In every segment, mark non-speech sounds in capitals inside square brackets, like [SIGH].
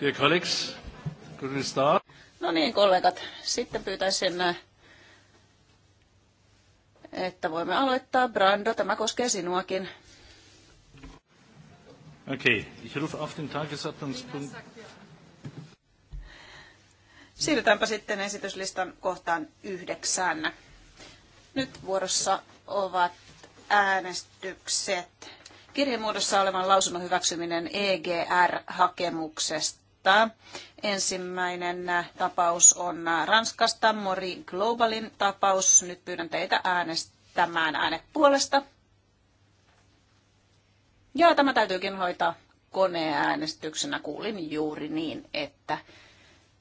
Dear colleagues, could we start? No niin, kollegat. Sitten pyytäisin, että voimme aloittaa. Brando, tämä koskee sinuakin. Okei, okay. ich rufe auf den Tagesordnungspunkt. Siirrytäänpä sitten esityslistan kohtaan yhdeksään. Nyt vuorossa ovat äänestykset kirjemuodossa olevan lausunnon hyväksyminen EGR-hakemuksesta viittaa. Ensimmäinen tapaus on Ranskasta, Mori Globalin tapaus. Nyt pyydän teitä äänestämään äänet puolesta. Ja tämä täytyykin hoitaa koneäänestyksenä. Kuulin juuri niin, että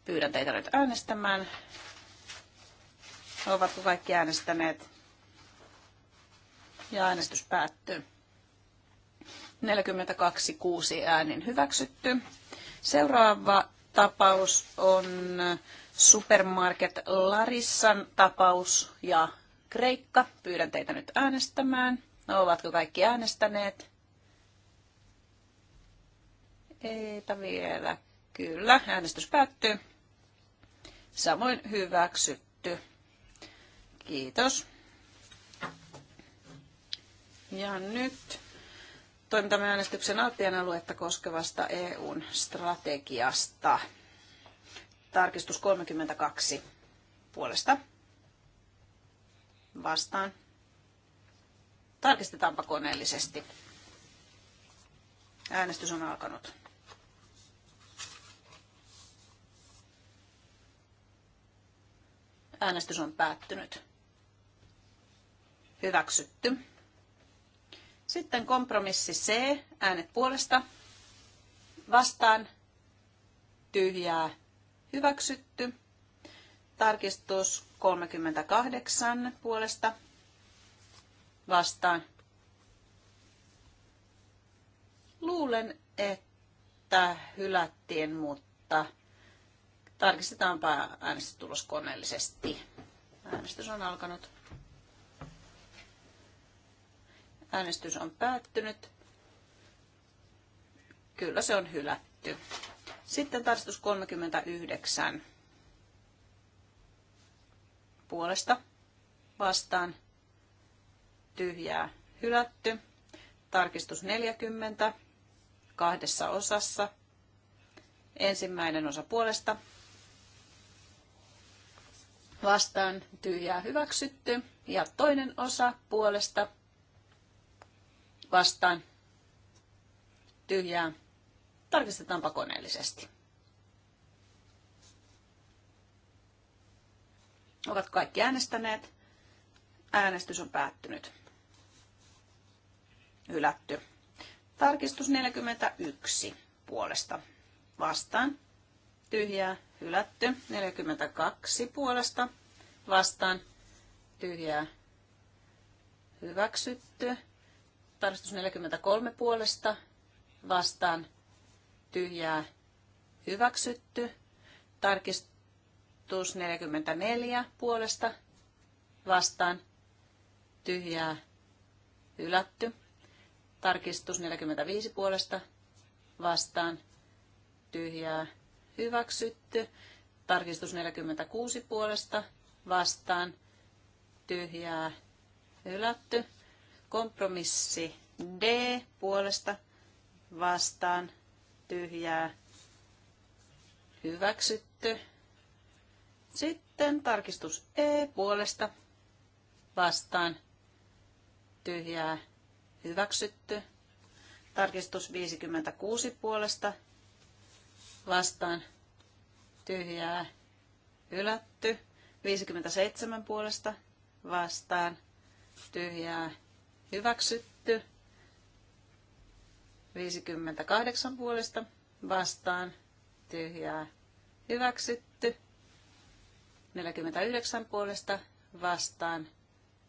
pyydän teitä nyt äänestämään. Ovatko kaikki äänestäneet? Ja äänestys päättyy. 42.6 äänin hyväksytty. Seuraava tapaus on Supermarket Larissan tapaus ja Kreikka. Pyydän teitä nyt äänestämään. Ovatko kaikki äänestäneet? Eipä vielä. Kyllä, äänestys päättyy. Samoin hyväksytty. Kiitos. Ja nyt toimitamme äänestyksen Altian aluetta koskevasta EUn strategiasta. Tarkistus 32 puolesta. Vastaan. Tarkistetaanpa koneellisesti. Äänestys on alkanut. Äänestys on päättynyt. Hyväksytty. Sitten kompromissi C, äänet puolesta, vastaan, tyhjää, hyväksytty. Tarkistus 38 puolesta, vastaan. Luulen, että hylättiin, mutta tarkistetaanpa äänestystulos koneellisesti. Äänestys on alkanut. Äänestys on päättynyt. Kyllä se on hylätty. Sitten tarkistus 39. Puolesta vastaan tyhjää hylätty. Tarkistus 40 kahdessa osassa. Ensimmäinen osa puolesta vastaan tyhjää hyväksytty ja toinen osa puolesta vastaan tyhjää. tarkistetaan pakoneellisesti. Ovat kaikki äänestäneet. Äänestys on päättynyt. Hylätty. Tarkistus 41 puolesta vastaan. Tyhjää hylätty. 42 puolesta vastaan. Tyhjää hyväksytty. Tarkistus 43 puolesta vastaan tyhjää hyväksytty. Tarkistus 44 puolesta vastaan tyhjää hylätty. Tarkistus 45 puolesta vastaan tyhjää hyväksytty. Tarkistus 46 puolesta vastaan tyhjää hylätty. Kompromissi D puolesta vastaan tyhjää hyväksytty. Sitten tarkistus E puolesta vastaan tyhjää hyväksytty. Tarkistus 56 puolesta vastaan tyhjää hylätty. 57 puolesta vastaan tyhjää hyväksytty. 58 puolesta vastaan tyhjää hyväksytty. 49 puolesta vastaan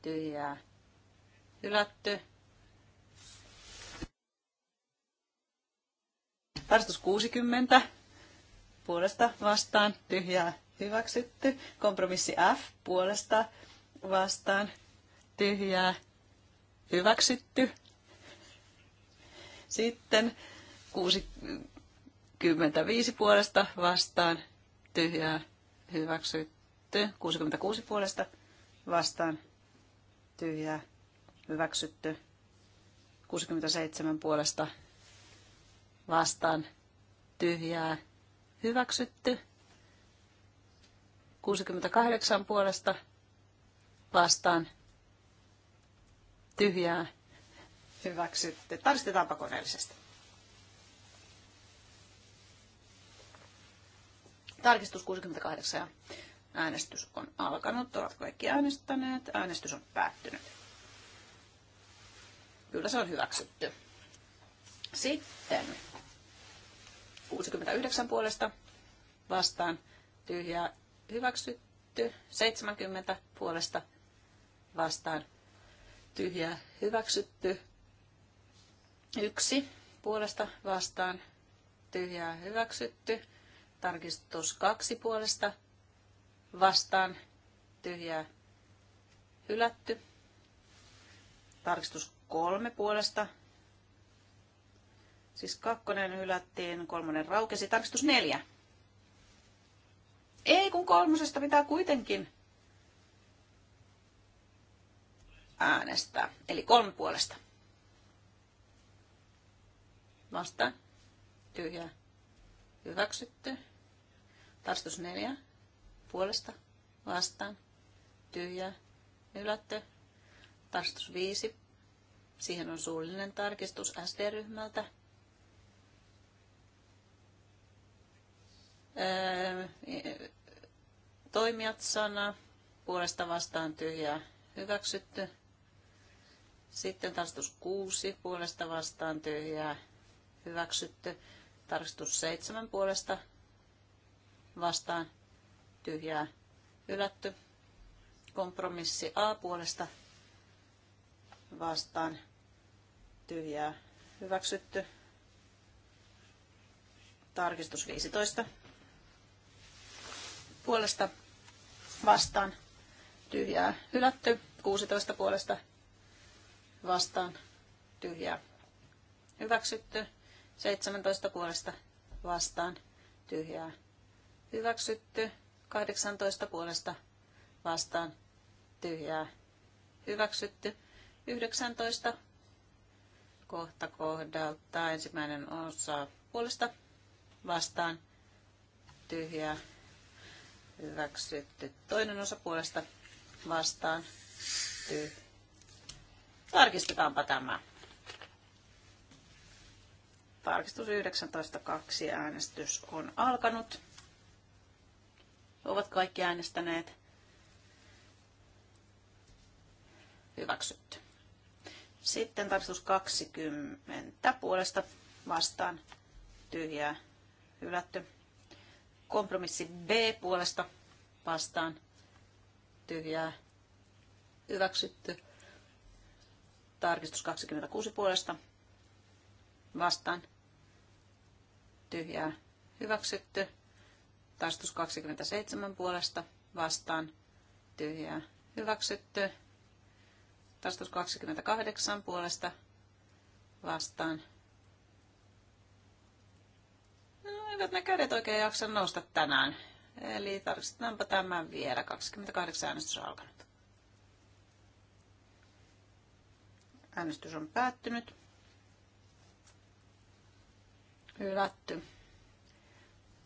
tyhjää hylätty. Tarkastus 60 puolesta vastaan tyhjää hyväksytty. Kompromissi F puolesta vastaan tyhjää hyväksytty. Sitten 65 puolesta vastaan tyhjää hyväksytty. 66 puolesta vastaan tyhjää hyväksytty. 67 puolesta vastaan tyhjää hyväksytty. 68 puolesta vastaan tyhjää hyväksytte Tarkistetaanpa koneellisesti. Tarkistus 68 ja äänestys on alkanut. Ovat kaikki äänestäneet. Äänestys on päättynyt. Kyllä se on hyväksytty. Sitten 69 puolesta vastaan tyhjää hyväksytty. 70 puolesta vastaan tyhjää hyväksytty. Yksi puolesta vastaan tyhjää hyväksytty. Tarkistus kaksi puolesta vastaan tyhjää hylätty. Tarkistus kolme puolesta. Siis kakkonen hylättiin, kolmonen raukesi. Tarkistus neljä. Ei kun kolmosesta pitää kuitenkin äänestää. Eli kolme puolesta. Vastaan. Tyhjää. Hyväksytty. Tarstus neljä. Puolesta. Vastaan. Tyhjää. Ylätty. Tarstus viisi. Siihen on suullinen tarkistus SD-ryhmältä. Öö, toimijat sana, puolesta vastaan tyhjää hyväksytty. Sitten tarkistus 6 puolesta vastaan tyhjää hyväksytty. Tarkistus 7 puolesta vastaan tyhjää hylätty. Kompromissi A puolesta vastaan tyhjää hyväksytty. Tarkistus 15 puolesta vastaan tyhjää hylätty. 16 puolesta vastaan tyhjää. Hyväksytty. 17 puolesta vastaan tyhjää. Hyväksytty. 18 puolesta vastaan tyhjää. Hyväksytty. 19 kohta kohdalta ensimmäinen osa puolesta vastaan tyhjää. Hyväksytty. Toinen osa puolesta vastaan tyhjää Tarkistetaanpa tämä. Tarkistus 19.2. Äänestys on alkanut. Ovat kaikki äänestäneet. Hyväksytty. Sitten tarkistus 20 puolesta vastaan tyhjää hylätty. Kompromissi B puolesta vastaan tyhjää hyväksytty. Tarkistus 26 puolesta. Vastaan. Tyhjää. Hyväksytty. Tarkistus 27 puolesta. Vastaan. Tyhjää. Hyväksytty. Tarkistus 28 puolesta. Vastaan. No, eivät ne kädet oikein jaksa nousta tänään. Eli tarkistetaanpa tämän vielä. 28 äänestys on alkanut. Äänestys on päättynyt. Hylätty.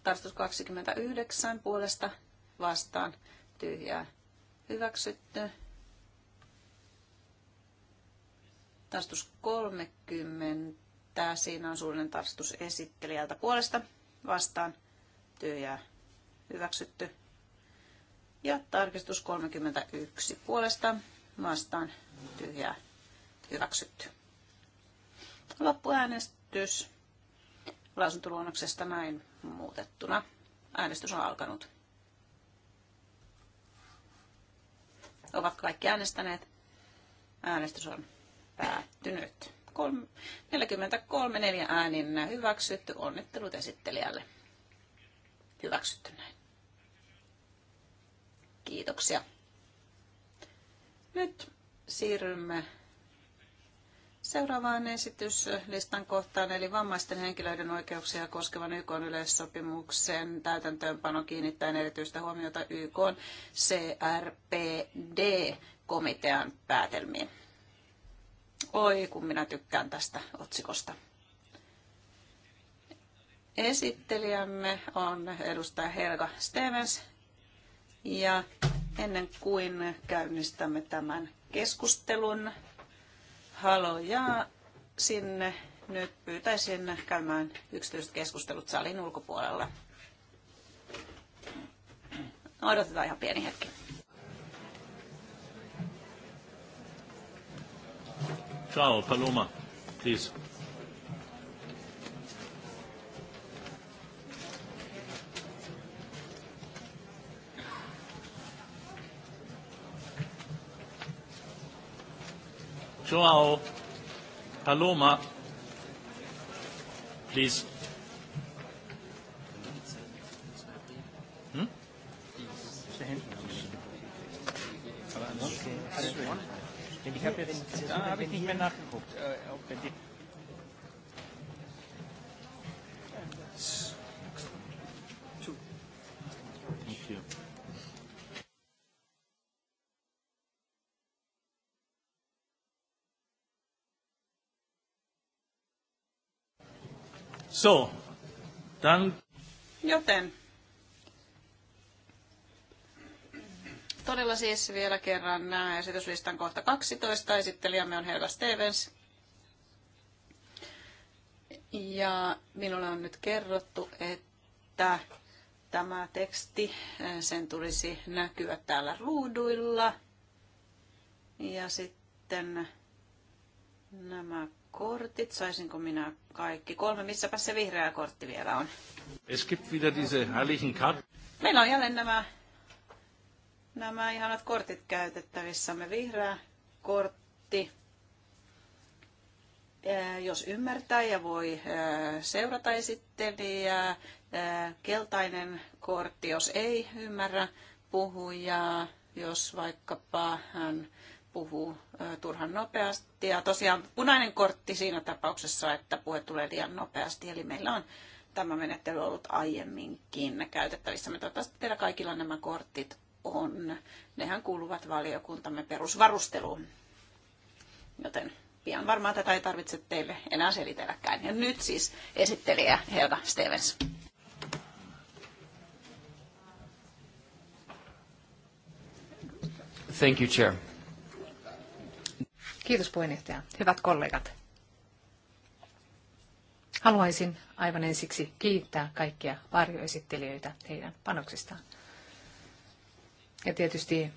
Tarkistus 29 puolesta vastaan tyhjää hyväksytty. Tarkistus 30. Siinä on suullinen tarkistus esittelijältä puolesta vastaan tyhjää hyväksytty. Ja tarkistus 31 puolesta vastaan tyhjää Hyväksytty. Loppuäänestys lausuntoluonnoksesta näin muutettuna. Äänestys on alkanut. Ovat kaikki äänestäneet. Äänestys on päättynyt. 43 4 äänin hyväksytty. Onnittelut esittelijälle. Hyväksytty näin. Kiitoksia. Nyt siirrymme seuraavaan esityslistan kohtaan, eli vammaisten henkilöiden oikeuksia koskevan YK yleissopimuksen täytäntöönpano kiinnittäen erityistä huomiota YK CRPD-komitean päätelmiin. Oi, kun minä tykkään tästä otsikosta. Esittelijämme on edustaja Helga Stevens ja ennen kuin käynnistämme tämän keskustelun, haloja sinne. Nyt pyytäisin käymään yksityiset keskustelut salin ulkopuolella. Odotetaan ihan pieni hetki. Ciao, Paloma, please. Joao Paloma, please. Hm? Ich habe jetzt, da habe ich nicht mehr nachgeguckt, ob bei dem So, dann... Joten. Todella siis vielä kerran nämä esityslistan kohta 12. Esittelijämme on Helga Stevens. Ja minulle on nyt kerrottu, että tämä teksti, eh, sen tulisi näkyä täällä ruuduilla. Ja sitten nämä kortit, saisinko minä kaikki? Kolme, missäpä se vihreä kortti vielä on? Es gibt wieder diese herrlichen Karten. Meillä on jälleen nämä, nämä ihanat kortit käytettävissämme. Vihreä kortti. Jos ymmärtää ja voi seurata esittelijää, keltainen kortti, jos ei ymmärrä puhujaa, jos vaikkapa hän puhuu turhan nopeasti. Ja tosiaan punainen kortti siinä tapauksessa, että puhe tulee liian nopeasti. Eli meillä on tämä menettely ollut aiemminkin käytettävissä. Me toivottavasti teillä kaikilla nämä kortit on. Nehän kuuluvat valiokuntamme perusvarusteluun. Joten pian varmaan tätä ei tarvitse teille enää selitelläkään. Ja nyt siis esittelijä Helga Stevens. Thank you, Chair. Kiitos puheenjohtaja. Hyvät kollegat. Haluaisin aivan ensiksi kiittää kaikkia varjoesittelijöitä heidän panoksistaan. Ja tietysti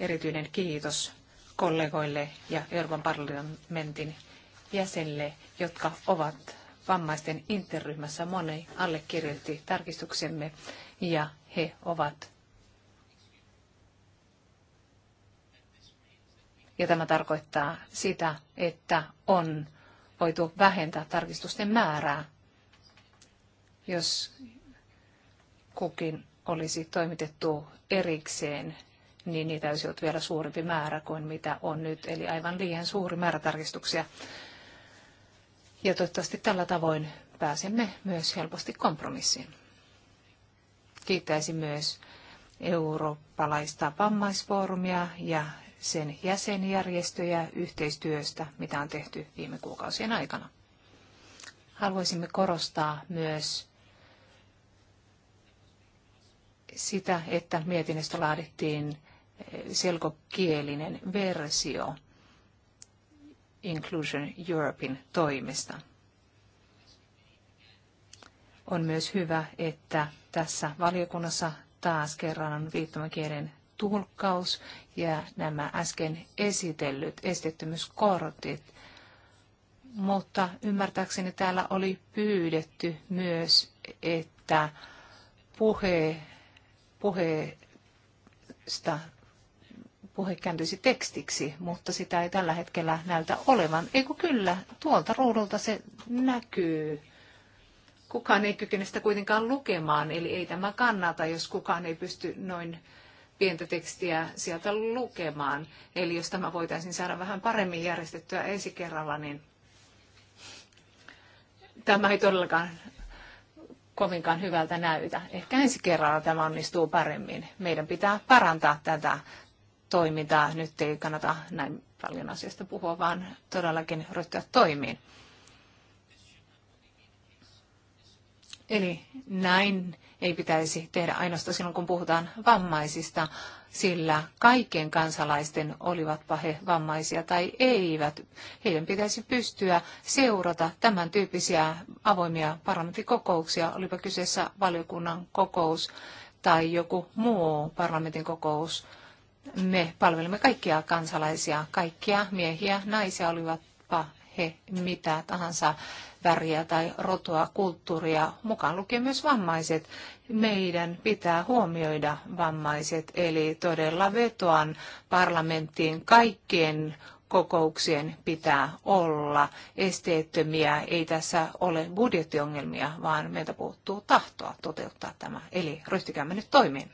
erityinen kiitos kollegoille ja Euroopan parlamentin jäsenille, jotka ovat vammaisten interryhmässä. Moni allekirjoitti tarkistuksemme ja he ovat Ja tämä tarkoittaa sitä, että on voitu vähentää tarkistusten määrää, jos kukin olisi toimitettu erikseen, niin niitä olisi ollut vielä suurempi määrä kuin mitä on nyt, eli aivan liian suuri määrä tarkistuksia. Ja toivottavasti tällä tavoin pääsemme myös helposti kompromissiin. Kiittäisin myös eurooppalaista vammaisfoorumia ja sen jäsenjärjestöjä yhteistyöstä, mitä on tehty viime kuukausien aikana. Haluaisimme korostaa myös sitä, että mietinnöstä laadittiin eh, selkokielinen versio Inclusion Europein toimesta. On myös hyvä, että tässä valiokunnassa taas kerran on viittomakielen tulkkaus ja nämä äsken esitellyt estettömyyskortit. Mutta ymmärtääkseni täällä oli pyydetty myös, että puhe, puheesta puhe kääntyisi tekstiksi, mutta sitä ei tällä hetkellä näytä olevan. Eikö kyllä, tuolta ruudulta se näkyy. Kukaan ei kykene sitä kuitenkaan lukemaan, eli ei tämä kannata, jos kukaan ei pysty noin pientä tekstiä sieltä lukemaan. Eli jos tämä voitaisiin saada vähän paremmin järjestettyä ensi kerralla, niin tämä ei todellakaan kovinkaan hyvältä näytä. Ehkä ensi kerralla tämä onnistuu paremmin. Meidän pitää parantaa tätä toimintaa. Nyt ei kannata näin paljon asiasta puhua, vaan todellakin ryhtyä toimiin. Eli näin ei pitäisi tehdä ainoastaan silloin, kun puhutaan vammaisista, sillä kaikkien kansalaisten, olivatpa he vammaisia tai eivät, heidän pitäisi pystyä seurata tämän tyyppisiä avoimia parlamenttikokouksia, olipa kyseessä valiokunnan kokous tai joku muu parlamentin kokous. Me palvelemme kaikkia kansalaisia, kaikkia miehiä, naisia, olivatpa he mitä tahansa väriä tai rotua, kulttuuria, mukaan lukien myös vammaiset. Meidän pitää huomioida vammaiset, eli todella vetoan parlamenttiin kaikkien kokouksien pitää olla esteettömiä. Ei tässä ole budjettiongelmia, vaan meiltä puuttuu tahtoa toteuttaa tämä. Eli ryhtykäämme nyt toimiin.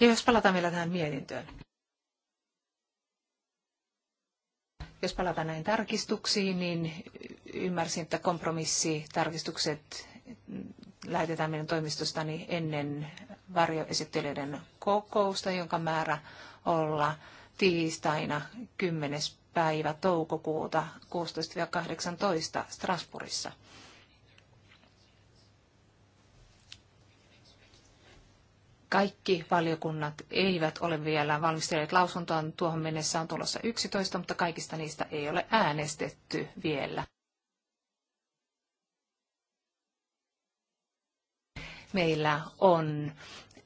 Ja jos palataan vielä tähän mietintöön. Jos palataan näihin tarkistuksiin, niin ymmärsin, että kompromissitarkistukset lähetetään meidän toimistostani ennen varjoesittelijöiden kokousta, jonka määrä olla tiistaina 10. päivä toukokuuta 16-18 Strasbourgissa. Kaikki valiokunnat eivät ole vielä valmistelleet lausuntoaan. Tuohon mennessä on tulossa 11, mutta kaikista niistä ei ole äänestetty vielä. Meillä on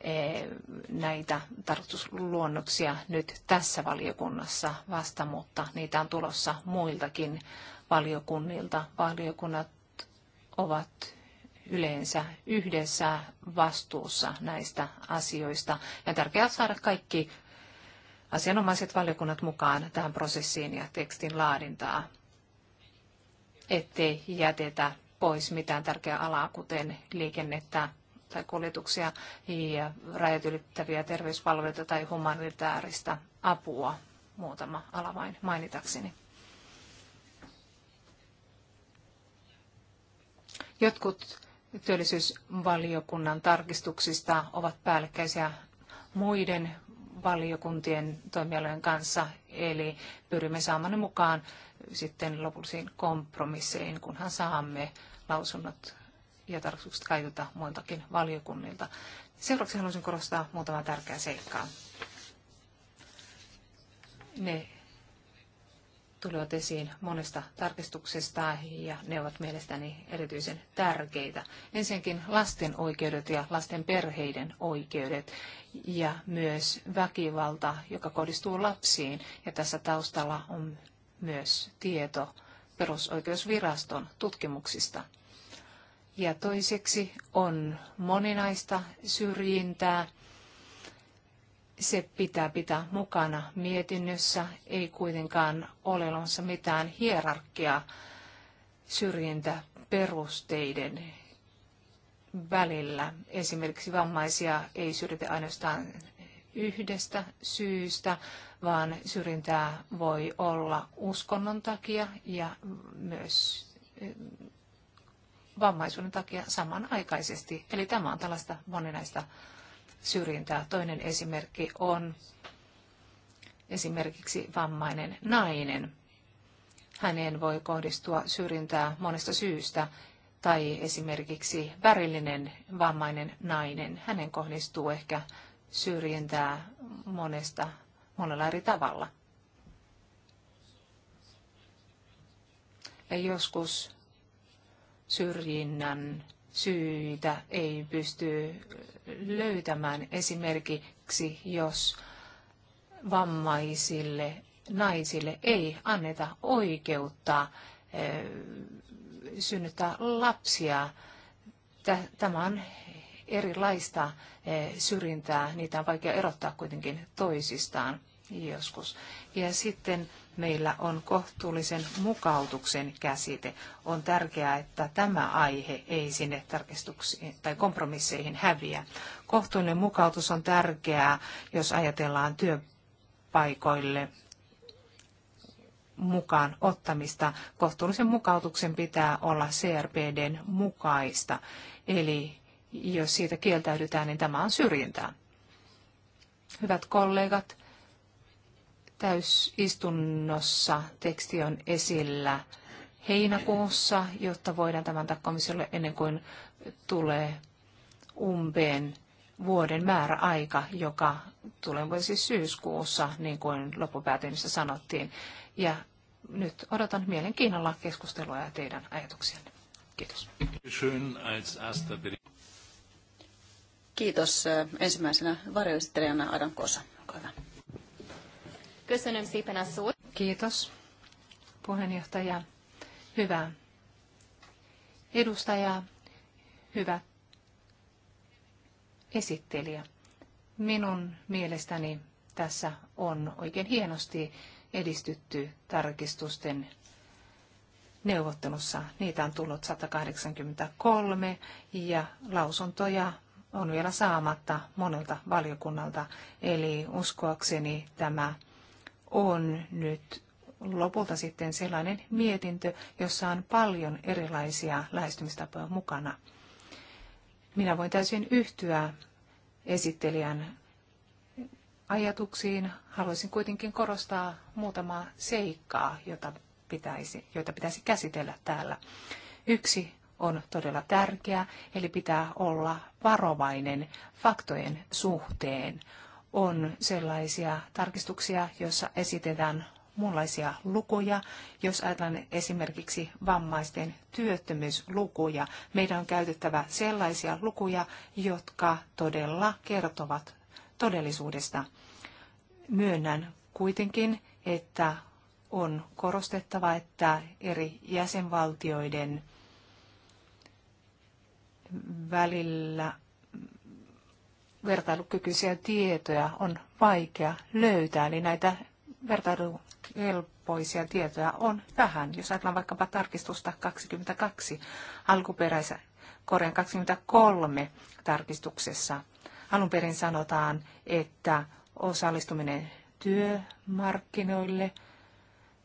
eh, näitä tarkoitusluonnoksia nyt tässä valiokunnassa vasta, mutta niitä on tulossa muiltakin valiokunnilta. Valiokunnat ovat yleensä yhdessä vastuussa näistä asioista. Ja tärkeää saada kaikki asianomaiset valiokunnat mukaan tähän prosessiin ja tekstin laadintaa, ettei jätetä pois mitään tärkeää alaa, kuten liikennettä tai kuljetuksia ja rajat ylittäviä terveyspalveluita tai humanitaarista apua, muutama ala vain mainitakseni. Jotkut työllisyysvaliokunnan tarkistuksista ovat päällekkäisiä muiden valiokuntien toimialojen kanssa, eli pyrimme saamaan ne mukaan sitten lopullisiin kompromisseihin, kunhan saamme lausunnot ja tarkistukset kaikilta muiltakin valiokunnilta. Seuraavaksi haluaisin korostaa muutamaa tärkeää seikkaa. Ne tulivat esiin monesta tarkistuksesta ja ne ovat mielestäni erityisen tärkeitä. Ensinnäkin lasten oikeudet ja lasten perheiden oikeudet ja myös väkivalta, joka kohdistuu lapsiin. Ja tässä taustalla on myös tieto perusoikeusviraston tutkimuksista. Ja toiseksi on moninaista syrjintää se pitää pitää mukana mietinnössä. Ei kuitenkaan ole olemassa mitään hierarkiaa syrjintäperusteiden välillä. Esimerkiksi vammaisia ei syrjitä ainoastaan yhdestä syystä, vaan syrjintää voi olla uskonnon takia ja myös eh, vammaisuuden takia samanaikaisesti. Eli tämä on tällaista moninaista syrjintää. Toinen esimerkki on esimerkiksi vammainen nainen. Häneen voi kohdistua syrjintää monesta syystä, tai esimerkiksi värillinen vammainen nainen. Hänen kohdistuu ehkä syrjintää monesta, monella eri tavalla. Ja joskus syrjinnän syitä ei pysty löytämään. Esimerkiksi jos vammaisille naisille ei anneta oikeutta eh, synnyttää lapsia. Tämä on erilaista eh, syrjintää, niitä on vaikea erottaa kuitenkin toisistaan joskus. Ja sitten meillä on kohtuullisen mukautuksen käsite. On tärkeää, että tämä aihe ei sinne tarkistuksiin tai kompromisseihin häviä. Kohtuullinen mukautus on tärkeää, jos ajatellaan työpaikoille mukaan ottamista. Kohtuullisen mukautuksen pitää olla CRPDn mukaista. Eli jos siitä kieltäydytään, niin tämä on syrjintää. Hyvät kollegat, Täysistunnossa teksti on esillä heinäkuussa, jotta voidaan tämän antaa komissiolle ennen kuin tulee umpeen vuoden määräaika, joka tulee siis syyskuussa, niin kuin loppupäätelmissä sanottiin. Ja nyt odotan mielenkiinnolla keskustelua ja teidän ajatuksianne. Kiitos. Kiitos äh, ensimmäisenä varjoesittelijänä Adam Kosa. Olkaa hyvä. Köszönöm szépen a szót. Kiitos, puheenjohtaja. Hyvä. Edustaja, hyvä esittelijä. Minun mielestäni tässä on oikein hienosti edistytty tarkistusten neuvottelussa. Niitä on tullut 183 ja lausuntoja on vielä saamatta monelta valiokunnalta. Eli uskoakseni tämä on nyt lopulta sitten sellainen mietintö, jossa on paljon erilaisia lähestymistapoja mukana. Minä voin täysin yhtyä esittelijän ajatuksiin. Haluaisin kuitenkin korostaa muutamaa seikkaa, jota pitäisi, joita pitäisi käsitellä täällä. Yksi on todella tärkeä, eli pitää olla varovainen faktojen suhteen on sellaisia tarkistuksia, joissa esitetään muunlaisia lukuja. Jos ajatellaan esimerkiksi vammaisten työttömyyslukuja, meidän on käytettävä sellaisia lukuja, jotka todella kertovat todellisuudesta. Myönnän kuitenkin, että on korostettava, että eri jäsenvaltioiden välillä vertailukykyisiä tietoja on vaikea löytää, eli näitä vertailukelpoisia tietoja on vähän. Jos ajatellaan vaikkapa tarkistusta 22 alkuperäisä Korean 23 tarkistuksessa, alun perin sanotaan, että osallistuminen työmarkkinoille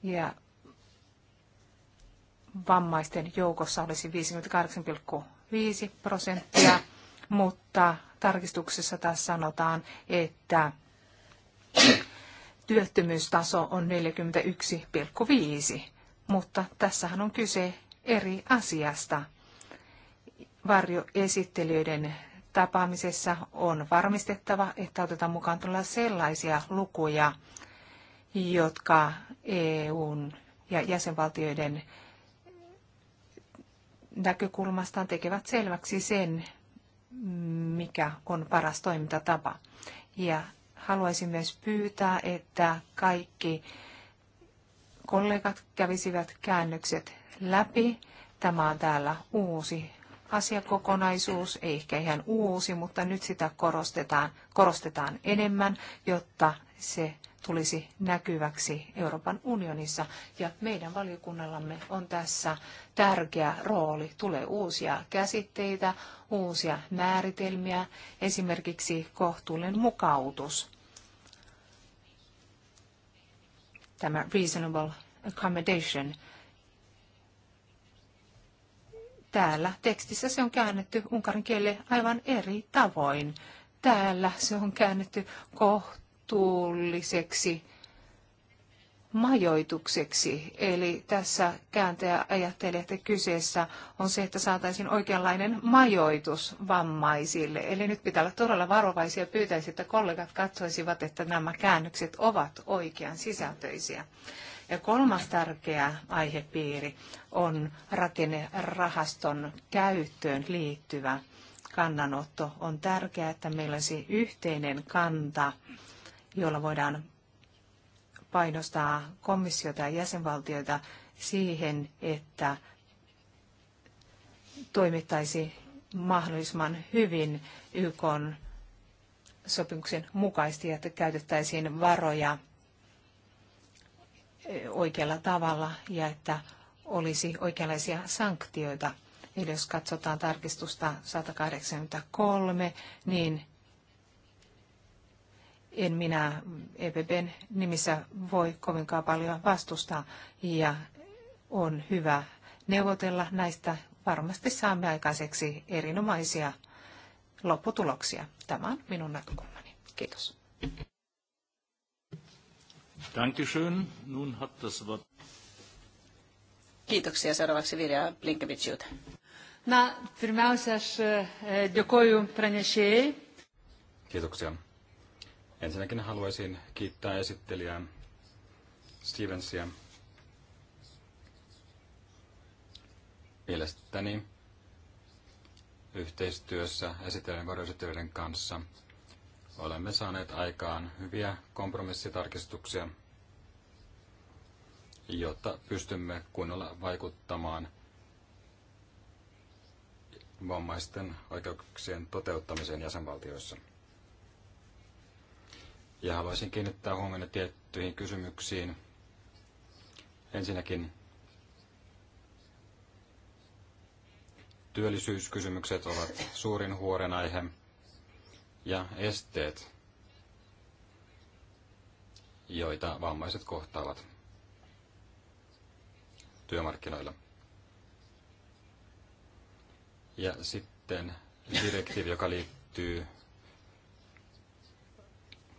ja vammaisten joukossa olisi 58,5 prosenttia, mutta tarkistuksessa taas sanotaan, että työttömyystaso on 41,5, mutta tässähän on kyse eri asiasta. Varjoesittelijöiden tapaamisessa on varmistettava, että otetaan mukaan tulla sellaisia lukuja, jotka EUn ja jäsenvaltioiden näkökulmastaan tekevät selväksi sen, mikä on paras toimintatapa. Ja haluaisin myös pyytää, että kaikki kollegat kävisivät käännökset läpi. Tämä on täällä uusi asiakokonaisuus, ei ehkä ihan uusi, mutta nyt sitä korostetaan, korostetaan enemmän, jotta se tulisi näkyväksi Euroopan unionissa. Ja meidän valiokunnallamme on tässä tärkeä rooli. Tulee uusia käsitteitä, uusia määritelmiä, esimerkiksi kohtuullinen mukautus. Tämä reasonable accommodation täällä tekstissä se on käännetty unkarin kielelle aivan eri tavoin. Täällä se on käännetty kohtuullinen kohtuulliseksi majoitukseksi. Eli tässä kääntäjä ajattelee, että kyseessä on se, että saataisiin oikeanlainen majoitus vammaisille. Eli nyt pitää olla todella varovaisia ja pyytäisi, että kollegat katsoisivat, että nämä käännökset ovat oikean sisältöisiä. Ja kolmas tärkeä aihepiiri on rakennerahaston käyttöön liittyvä kannanotto. On tärkeää, että meillä olisi yhteinen kanta jolla voidaan painostaa komissiota ja jäsenvaltioita siihen, että toimittaisi mahdollisimman hyvin YK sopimuksen mukaisesti, että käytettäisiin varoja oikealla tavalla ja että olisi oikeanlaisia sanktioita. Eli jos katsotaan tarkistusta 183, niin en minä EPPn nimissä voi kovinkaan paljon vastustaa ja on hyvä neuvotella näistä. Varmasti saamme aikaiseksi erinomaisia lopputuloksia. Tämä on minun näkökulmani. Kiitos. Dankeschön. Nun hat das Wort. Kiitoksia. Seuraavaksi Virja Blinkevičiūtė. Na, pirmiausia, aš e, dėkoju pranešėjai. Kiitoksia. Ensinnäkin haluaisin kiittää esittelijää Stevensia. Mielestäni yhteistyössä esittelijän varjoesittelijöiden kanssa olemme saaneet aikaan hyviä kompromissitarkistuksia, jotta pystymme kunnolla vaikuttamaan vammaisten oikeuksien toteuttamiseen jäsenvaltioissa ja haluaisin kiinnittää huomiota tiettyihin kysymyksiin. Ensinnäkin työllisyyskysymykset ovat suurin huorenaihe ja esteet, joita vammaiset kohtaavat työmarkkinoilla. Ja sitten direktiivi, joka liittyy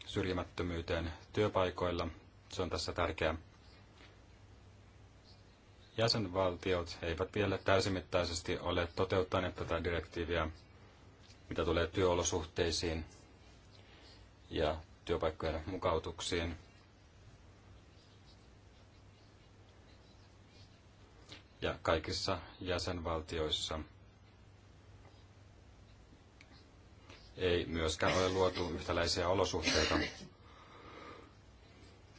syrjimättömyyteen työpaikoilla. Se on tässä tärkeää. Jäsenvaltiot eivät vielä täysimittaisesti ole toteuttaneet tätä direktiiviä, mitä tulee työolosuhteisiin ja työpaikkojen mukautuksiin. Ja kaikissa jäsenvaltioissa – ei myöskään ole luotu yhtäläisiä olosuhteita,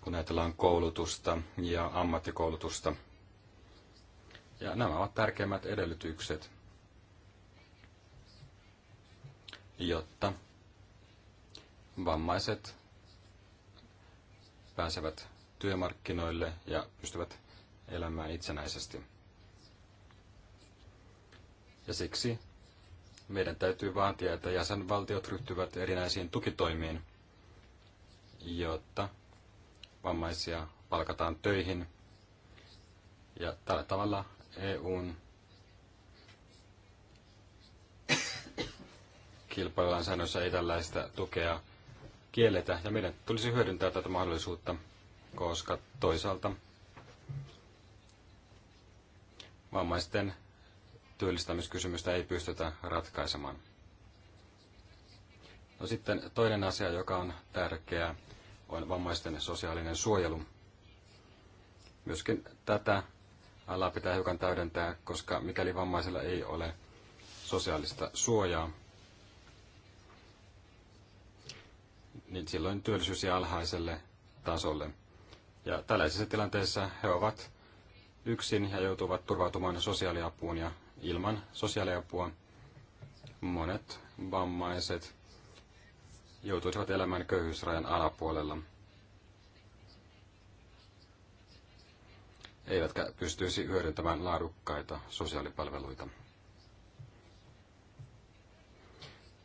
kun ajatellaan koulutusta ja ammattikoulutusta. Ja nämä ovat tärkeimmät edellytykset, jotta vammaiset pääsevät työmarkkinoille ja pystyvät elämään itsenäisesti. Ja siksi meidän täytyy vaatia, että jäsenvaltiot ryhtyvät erinäisiin tukitoimiin, jotta vammaisia palkataan töihin. Ja tällä tavalla EUn kilpailulainsäädännössä ei tällaista tukea kielletä, ja meidän tulisi hyödyntää tätä mahdollisuutta, koska toisaalta vammaisten työllistämiskysymystä ei pystytä ratkaisemaan. No sitten toinen asia, joka on tärkeä, on vammaisten sosiaalinen suojelu. Myöskin tätä alaa pitää hiukan täydentää, koska mikäli vammaisella ei ole sosiaalista suojaa, niin silloin työllisyys jää alhaiselle tasolle. Ja tällaisissa tilanteissa he ovat yksin ja joutuvat turvautumaan sosiaaliapuun ja ilman sosiaaliapua monet vammaiset joutuisivat elämään köyhyysrajan alapuolella. Eivätkä pystyisi hyödyntämään laadukkaita sosiaalipalveluita.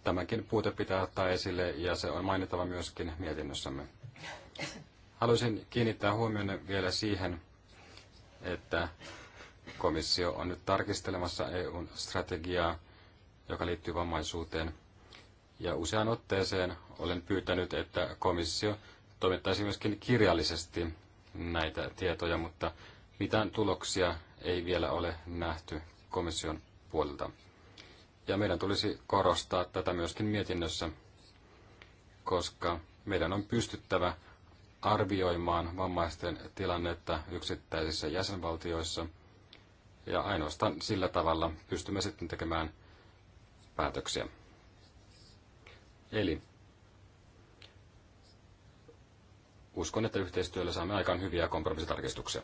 Tämäkin puute pitää ottaa esille ja se on mainittava myöskin mietinnössämme. Haluaisin kiinnittää huomioon vielä siihen, että komissio on nyt tarkistelemassa EUn strategiaa, joka liittyy vammaisuuteen. Ja useaan otteeseen olen pyytänyt, että komissio toimittaisi myöskin kirjallisesti näitä tietoja, mutta mitään tuloksia ei vielä ole nähty komission puolelta. Ja meidän tulisi korostaa tätä myöskin mietinnössä, koska meidän on pystyttävä arvioimaan vammaisten tilannetta yksittäisissä jäsenvaltioissa – ja ainoastaan sillä tavalla pystymme sitten tekemään päätöksiä. Eli uskon, että yhteistyöllä saamme aikaan hyviä kompromissitarkistuksia.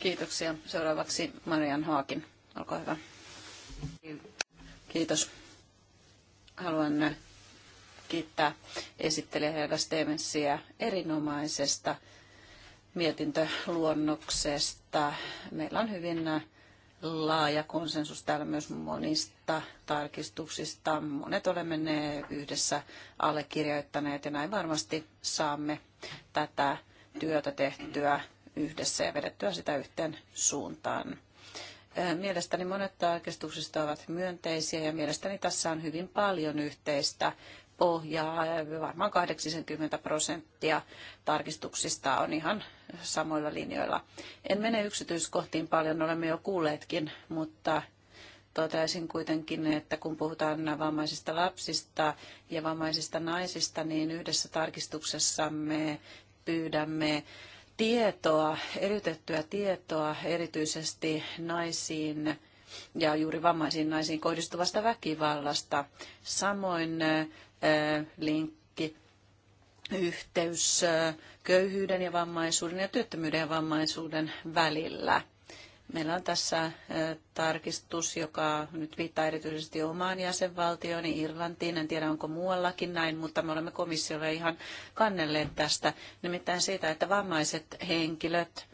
Kiitoksia. Seuraavaksi Marian Haakin. Olkaa hyvä. Kiitos. Haluan kiittää esittelijä Helga Stevensiä erinomaisesta mietintöluonnoksesta että meillä on hyvin laaja konsensus täällä myös monista tarkistuksista. Monet olemme ne yhdessä allekirjoittaneet ja näin varmasti saamme tätä työtä tehtyä yhdessä ja vedettyä sitä yhteen suuntaan. Äh, mielestäni monet tarkistuksista ovat myönteisiä ja mielestäni tässä on hyvin paljon yhteistä ohjaa. Varmaan 80 prosenttia tarkistuksista on ihan samoilla linjoilla. En mene yksityiskohtiin paljon, olemme jo kuulleetkin, mutta toteaisin kuitenkin, että kun puhutaan vammaisista lapsista ja vammaisista naisista, niin yhdessä me pyydämme tietoa, eriytettyä tietoa erityisesti naisiin ja juuri vammaisiin naisiin kohdistuvasta väkivallasta. Samoin linkki, yhteys köyhyyden ja vammaisuuden ja työttömyyden ja vammaisuuden välillä. Meillä on tässä tarkistus, joka nyt viittaa erityisesti omaan jäsenvaltiooni, Irlantiin. En tiedä, onko muuallakin näin, mutta me olemme komissiolle ihan kannelleet tästä. Nimittäin siitä, että vammaiset henkilöt,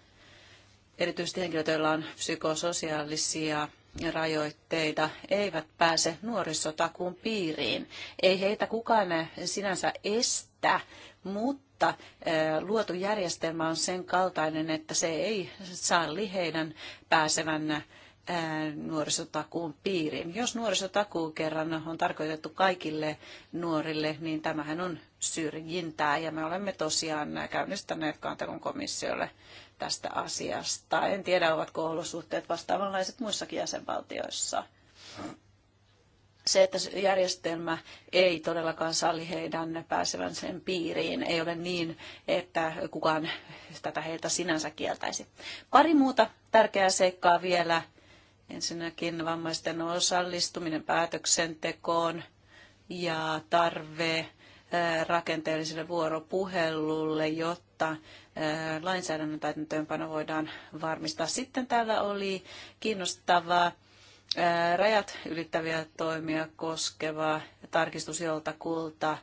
erityisesti henkilöt, joilla on psykososiaalisia rajoitteita eivät pääse nuorisotakuun piiriin. Ei heitä kukaan sinänsä estä, mutta luotu järjestelmä on sen kaltainen, että se ei saa liheidän pääsevän nuorisotakuun piiriin. Jos nuorisotakuu kerran on tarkoitettu kaikille nuorille, niin tämähän on syrjintää ja me olemme tosiaan käynnistäneet kantelun komissiolle tästä asiasta. En tiedä, ovatko olosuhteet vastaavanlaiset muissakin jäsenvaltioissa. Se, että järjestelmä ei todellakaan salli heidän pääsevän sen piiriin, ei ole niin, että kukaan tätä heiltä sinänsä kieltäisi. Pari muuta tärkeää seikkaa vielä. Ensinnäkin vammaisten osallistuminen päätöksentekoon ja tarve rakenteelliselle vuoropuhelulle, jotta lainsäädännön täytäntöönpano voidaan varmistaa. Sitten täällä oli kiinnostavaa rajat ylittäviä toimia koskeva tarkistus joltakulta.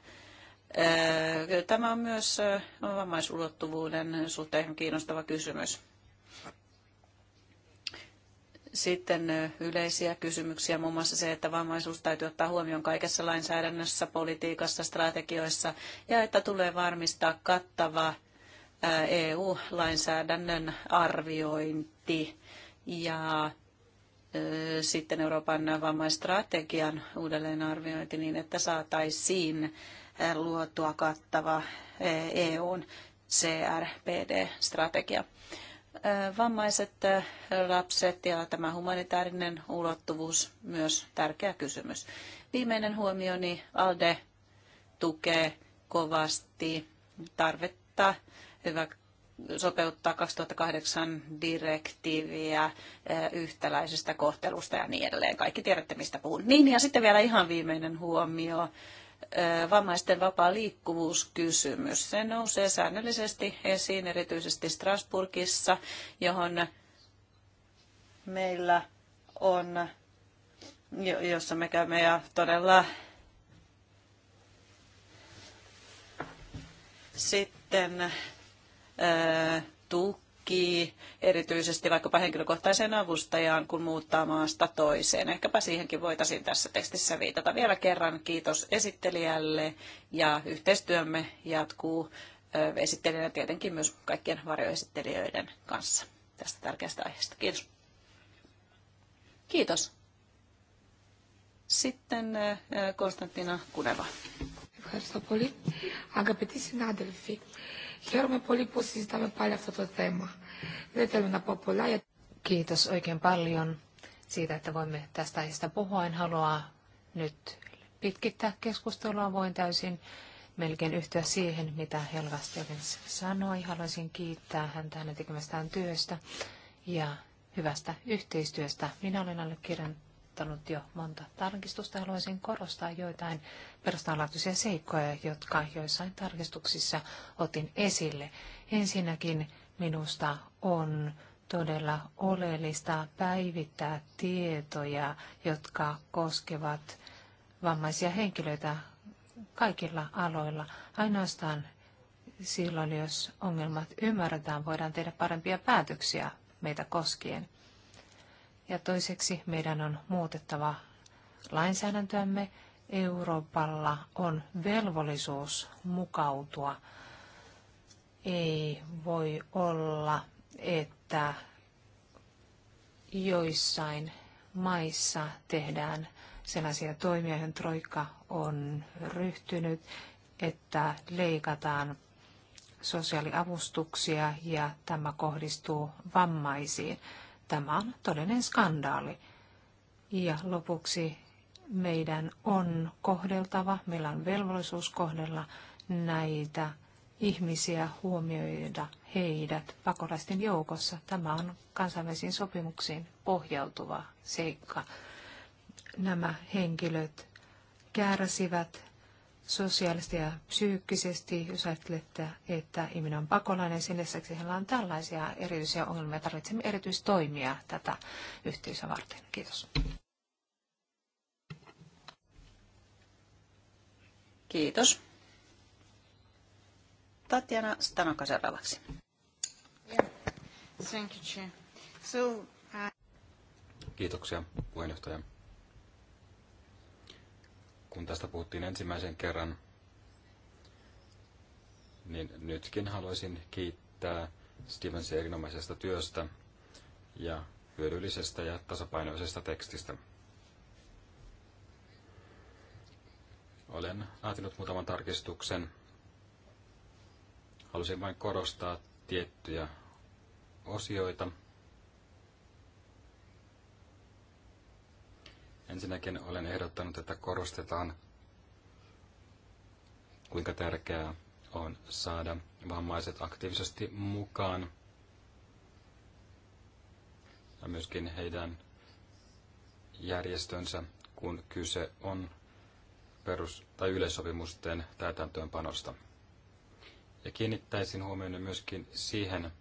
Tämä on myös vammaisulottuvuuden suhteen kiinnostava kysymys. Sitten yleisiä kysymyksiä, muun muassa se, että vammaisuus täytyy ottaa huomioon kaikessa lainsäädännössä, politiikassa, strategioissa ja että tulee varmistaa kattava EU-lainsäädännön arviointi ja sitten Euroopan vammaistrategian uudelleenarviointi niin, että saataisiin luotua kattava EUn CRPD-strategia. Vammaiset lapset ja tämä humanitaarinen ulottuvuus myös tärkeä kysymys. Viimeinen huomioni ALDE tukee kovasti tarvetta hyvä sopeuttaa 2008 direktiiviä eh, yhtäläisestä kohtelusta ja niin edelleen. Kaikki tiedätte, mistä puhun. Niin, ja sitten vielä ihan viimeinen huomio. Eh, vammaisten vapaa liikkuvuuskysymys. Se nousee säännöllisesti esiin, erityisesti Strasburgissa, johon meillä on, jossa me käymme ja todella sitten tuki erityisesti vaikkapa henkilökohtaiseen avustajaan, kun muuttaa maasta toiseen. Ehkäpä siihenkin voitaisiin tässä tekstissä viitata. Vielä kerran kiitos esittelijälle ja yhteistyömme jatkuu esittelijänä tietenkin myös kaikkien varjoesittelijöiden kanssa tästä tärkeästä aiheesta. Kiitos. Kiitos. Sitten Konstantina Kuneva. Ευχαριστώ πολύ. συνάδελφοι, Χαίρομαι πολύ που συζητάμε πάλι αυτό το θέμα. Δεν θέλω να πω πολλά. Kiitos oikein paljon siitä, että voimme tästä aiheesta puhua. En halua nyt pitkittää keskustelua. Voin täysin melkein yhtyä siihen, mitä Helga Stevens sanoi. Haluaisin kiittää häntä hänen tekemästään työstä ja hyvästä yhteistyöstä. Minä olen allekirjoittanut ottanut jo monta tarkistusta. Haluaisin korostaa joitain perustanlaatuisia seikkoja, jotka joissain tarkistuksissa otin esille. Ensinnäkin minusta on todella oleellista päivittää tietoja, jotka koskevat vammaisia henkilöitä kaikilla aloilla. Ainoastaan silloin, jos ongelmat ymmärretään, voidaan tehdä parempia päätöksiä meitä koskien. Ja toiseksi meidän on muutettava lainsäädäntöämme. Euroopalla on velvollisuus mukautua. Ei voi olla, että joissain maissa tehdään sellaisia toimia, joihin Troikka on ryhtynyt, että leikataan sosiaaliavustuksia ja tämä kohdistuu vammaisiin. Tämä on todellinen skandaali. Ja lopuksi meidän on kohdeltava, meillä on velvollisuus kohdella näitä ihmisiä, huomioida heidät pakolaisten joukossa. Tämä on kansainvälisiin sopimuksiin pohjautuva seikka. Nämä henkilöt kärsivät sosiaalisesti ja psyykkisesti, jos ajattelette, että ihminen on pakolainen, sen lisäksi heillä on tällaisia erityisiä ongelmia. Tarvitsemme erityistoimia tätä yhteisöä varten. Kiitos. Kiitos. Tatjana Stanoka seuraavaksi. Uh, Kiitoksia puheenjohtaja kun tästä puhuttiin ensimmäisen kerran, niin nytkin haluaisin kiittää Stevensin erinomaisesta työstä ja hyödyllisestä ja tasapainoisesta tekstistä. Olen laatinut muutaman tarkistuksen. Halusin vain korostaa tiettyjä osioita Ensinnäkin olen ehdottanut, että korostetaan, kuinka tärkeää on saada vammaiset aktiivisesti mukaan ja myöskin heidän järjestönsä, kun kyse on perus- tai yleissopimusten täytäntöönpanosta. Ja kiinnittäisin huomioon myöskin siihen,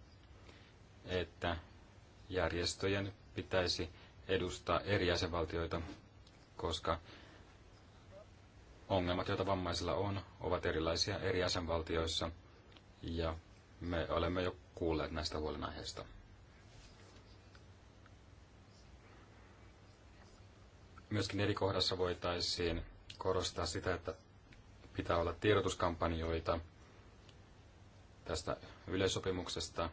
että järjestöjen pitäisi edustaa eri jäsenvaltioita, koska ongelmat, joita vammaisilla on, ovat erilaisia eri jäsenvaltioissa, ja me olemme jo kuulleet näistä huolenaiheista. Myöskin eri kohdassa voitaisiin korostaa sitä, että pitää olla tiedotuskampanjoita tästä yleissopimuksesta,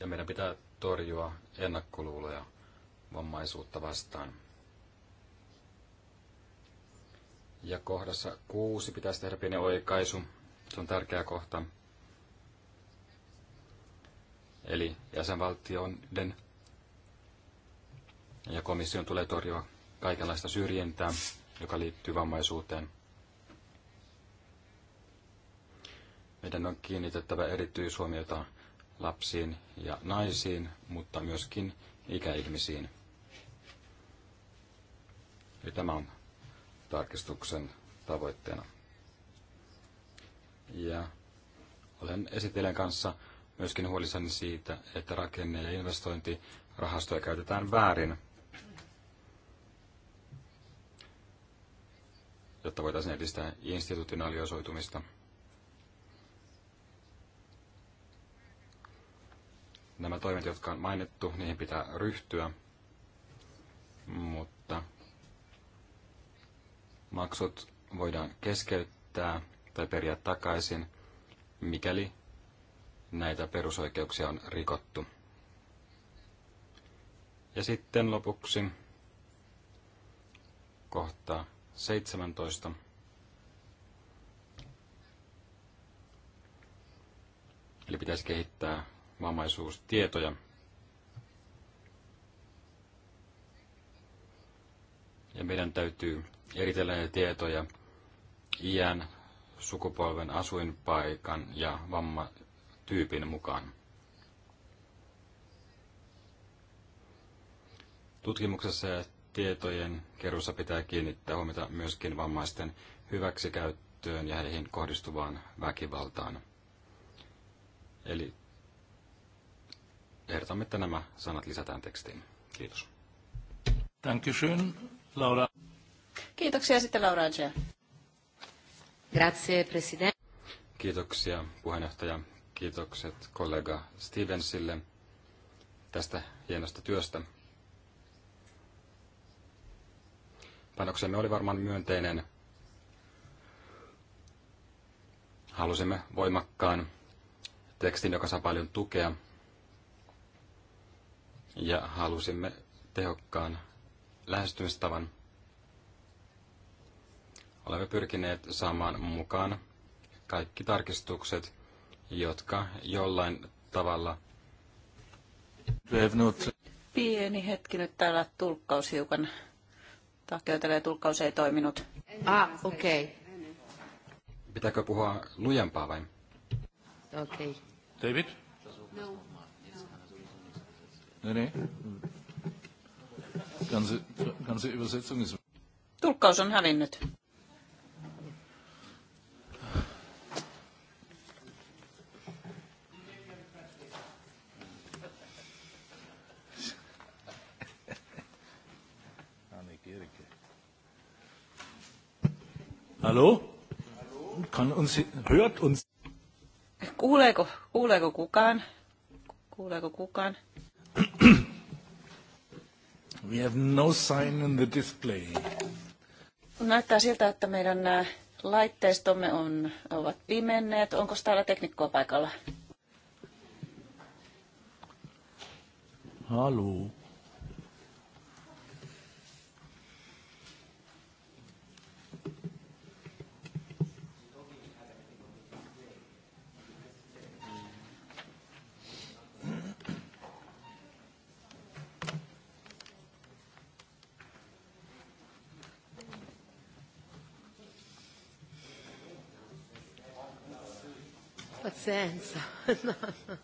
ja meidän pitää torjua ennakkoluuloja vammaisuutta vastaan. Ja kohdassa kuusi pitäisi tehdä pieni oikaisu. Se on tärkeä kohta. Eli jäsenvaltioiden ja komission tulee torjua kaikenlaista syrjintää, joka liittyy vammaisuuteen. Meidän on kiinnitettävä erityishuomiota lapsiin ja naisiin, mutta myöskin ikäihmisiin. Ja tämä on tarkistuksen tavoitteena. Ja olen esittelen kanssa myöskin huolissani siitä, että rakenne- ja investointirahastoja käytetään väärin, jotta voitaisiin edistää institutionaaliosoitumista. nämä toimet, jotka on mainittu, niihin pitää ryhtyä, mutta maksut voidaan keskeyttää tai periä takaisin, mikäli näitä perusoikeuksia on rikottu. Ja sitten lopuksi kohta 17. Eli pitäisi kehittää vammaisuustietoja. Ja meidän täytyy eritellä ne tietoja iän, sukupolven, asuinpaikan ja vammatyypin mukaan. Tutkimuksessa ja tietojen keruussa pitää kiinnittää huomiota myöskin vammaisten hyväksikäyttöön ja heihin kohdistuvaan väkivaltaan. Eli ehdotamme, että nämä sanat lisätään tekstiin. Kiitos. Dankeschön, Laura. Kiitoksia sitten Laura Adja. Grazie, president. Kiitoksia puheenjohtaja. Kiitokset kollega Stevensille tästä hienosta työstä. Panoksemme oli varmaan myönteinen. Halusimme voimakkaan tekstin, joka saa paljon tukea ja halusimme tehokkaan lähestymistavan. Olemme pyrkineet saamaan mukaan kaikki tarkistukset, jotka jollain tavalla Pieni hetki nyt täällä tulkkaus hiukan takeutelee, tulkkaus ei toiminut. Ah, okei. Okay. Pitääkö puhua lujempaa vai? Okei. Okay. David? No. Nee, nee. Ganze, ganze Übersetzung ist... Tulkkaus on hävinnyt. Hallo? Kann uns, hört uns. Kuuleeko, kuuleeko kukaan? Kuuleeko kukaan? We have no sign in the display. Näyttää siltä, että meidän laitteistomme on, ovat pimenneet. Onko täällä teknikkoa paikalla? Haluu. senso. [LAUGHS] No, no.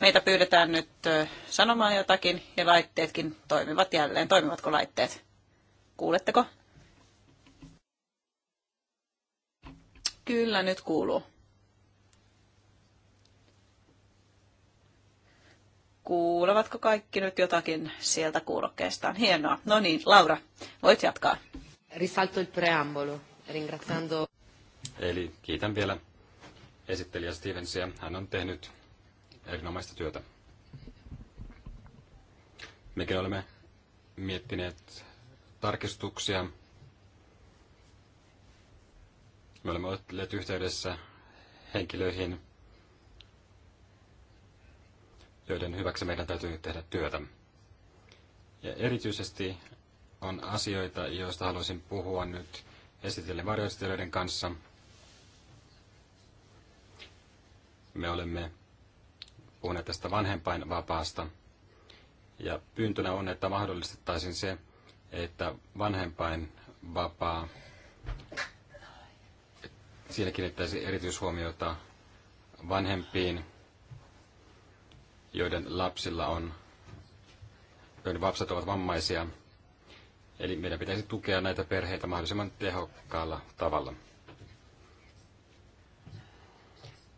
Meitä pyydetään nyt sanomaan jotakin ja laitteetkin toimivat jälleen. Toimivatko laitteet? Kuuletteko? Kyllä, nyt kuuluu. Kuulevatko kaikki nyt jotakin sieltä kuulokkeestaan? Hienoa. No niin, Laura, voit jatkaa. Risalto il preambolo, ringraziando... Eli kiitän vielä esittelijä Stevensia. Hän on tehnyt erinomaista työtä. Mekin olemme miettineet tarkistuksia. Me olemme olleet yhteydessä henkilöihin, joiden hyväksi meidän täytyy tehdä työtä. Ja erityisesti on asioita, joista haluaisin puhua nyt esitellen varjoistelijoiden kanssa – Me olemme puhuneet tästä vanhempainvapaasta. Ja pyyntönä on, että mahdollistettaisiin se, että vanhempainvapaa, siinä kiinnittäisi erityishuomiota vanhempiin, joiden lapsilla on, joiden lapset ovat vammaisia. Eli meidän pitäisi tukea näitä perheitä mahdollisimman tehokkaalla tavalla.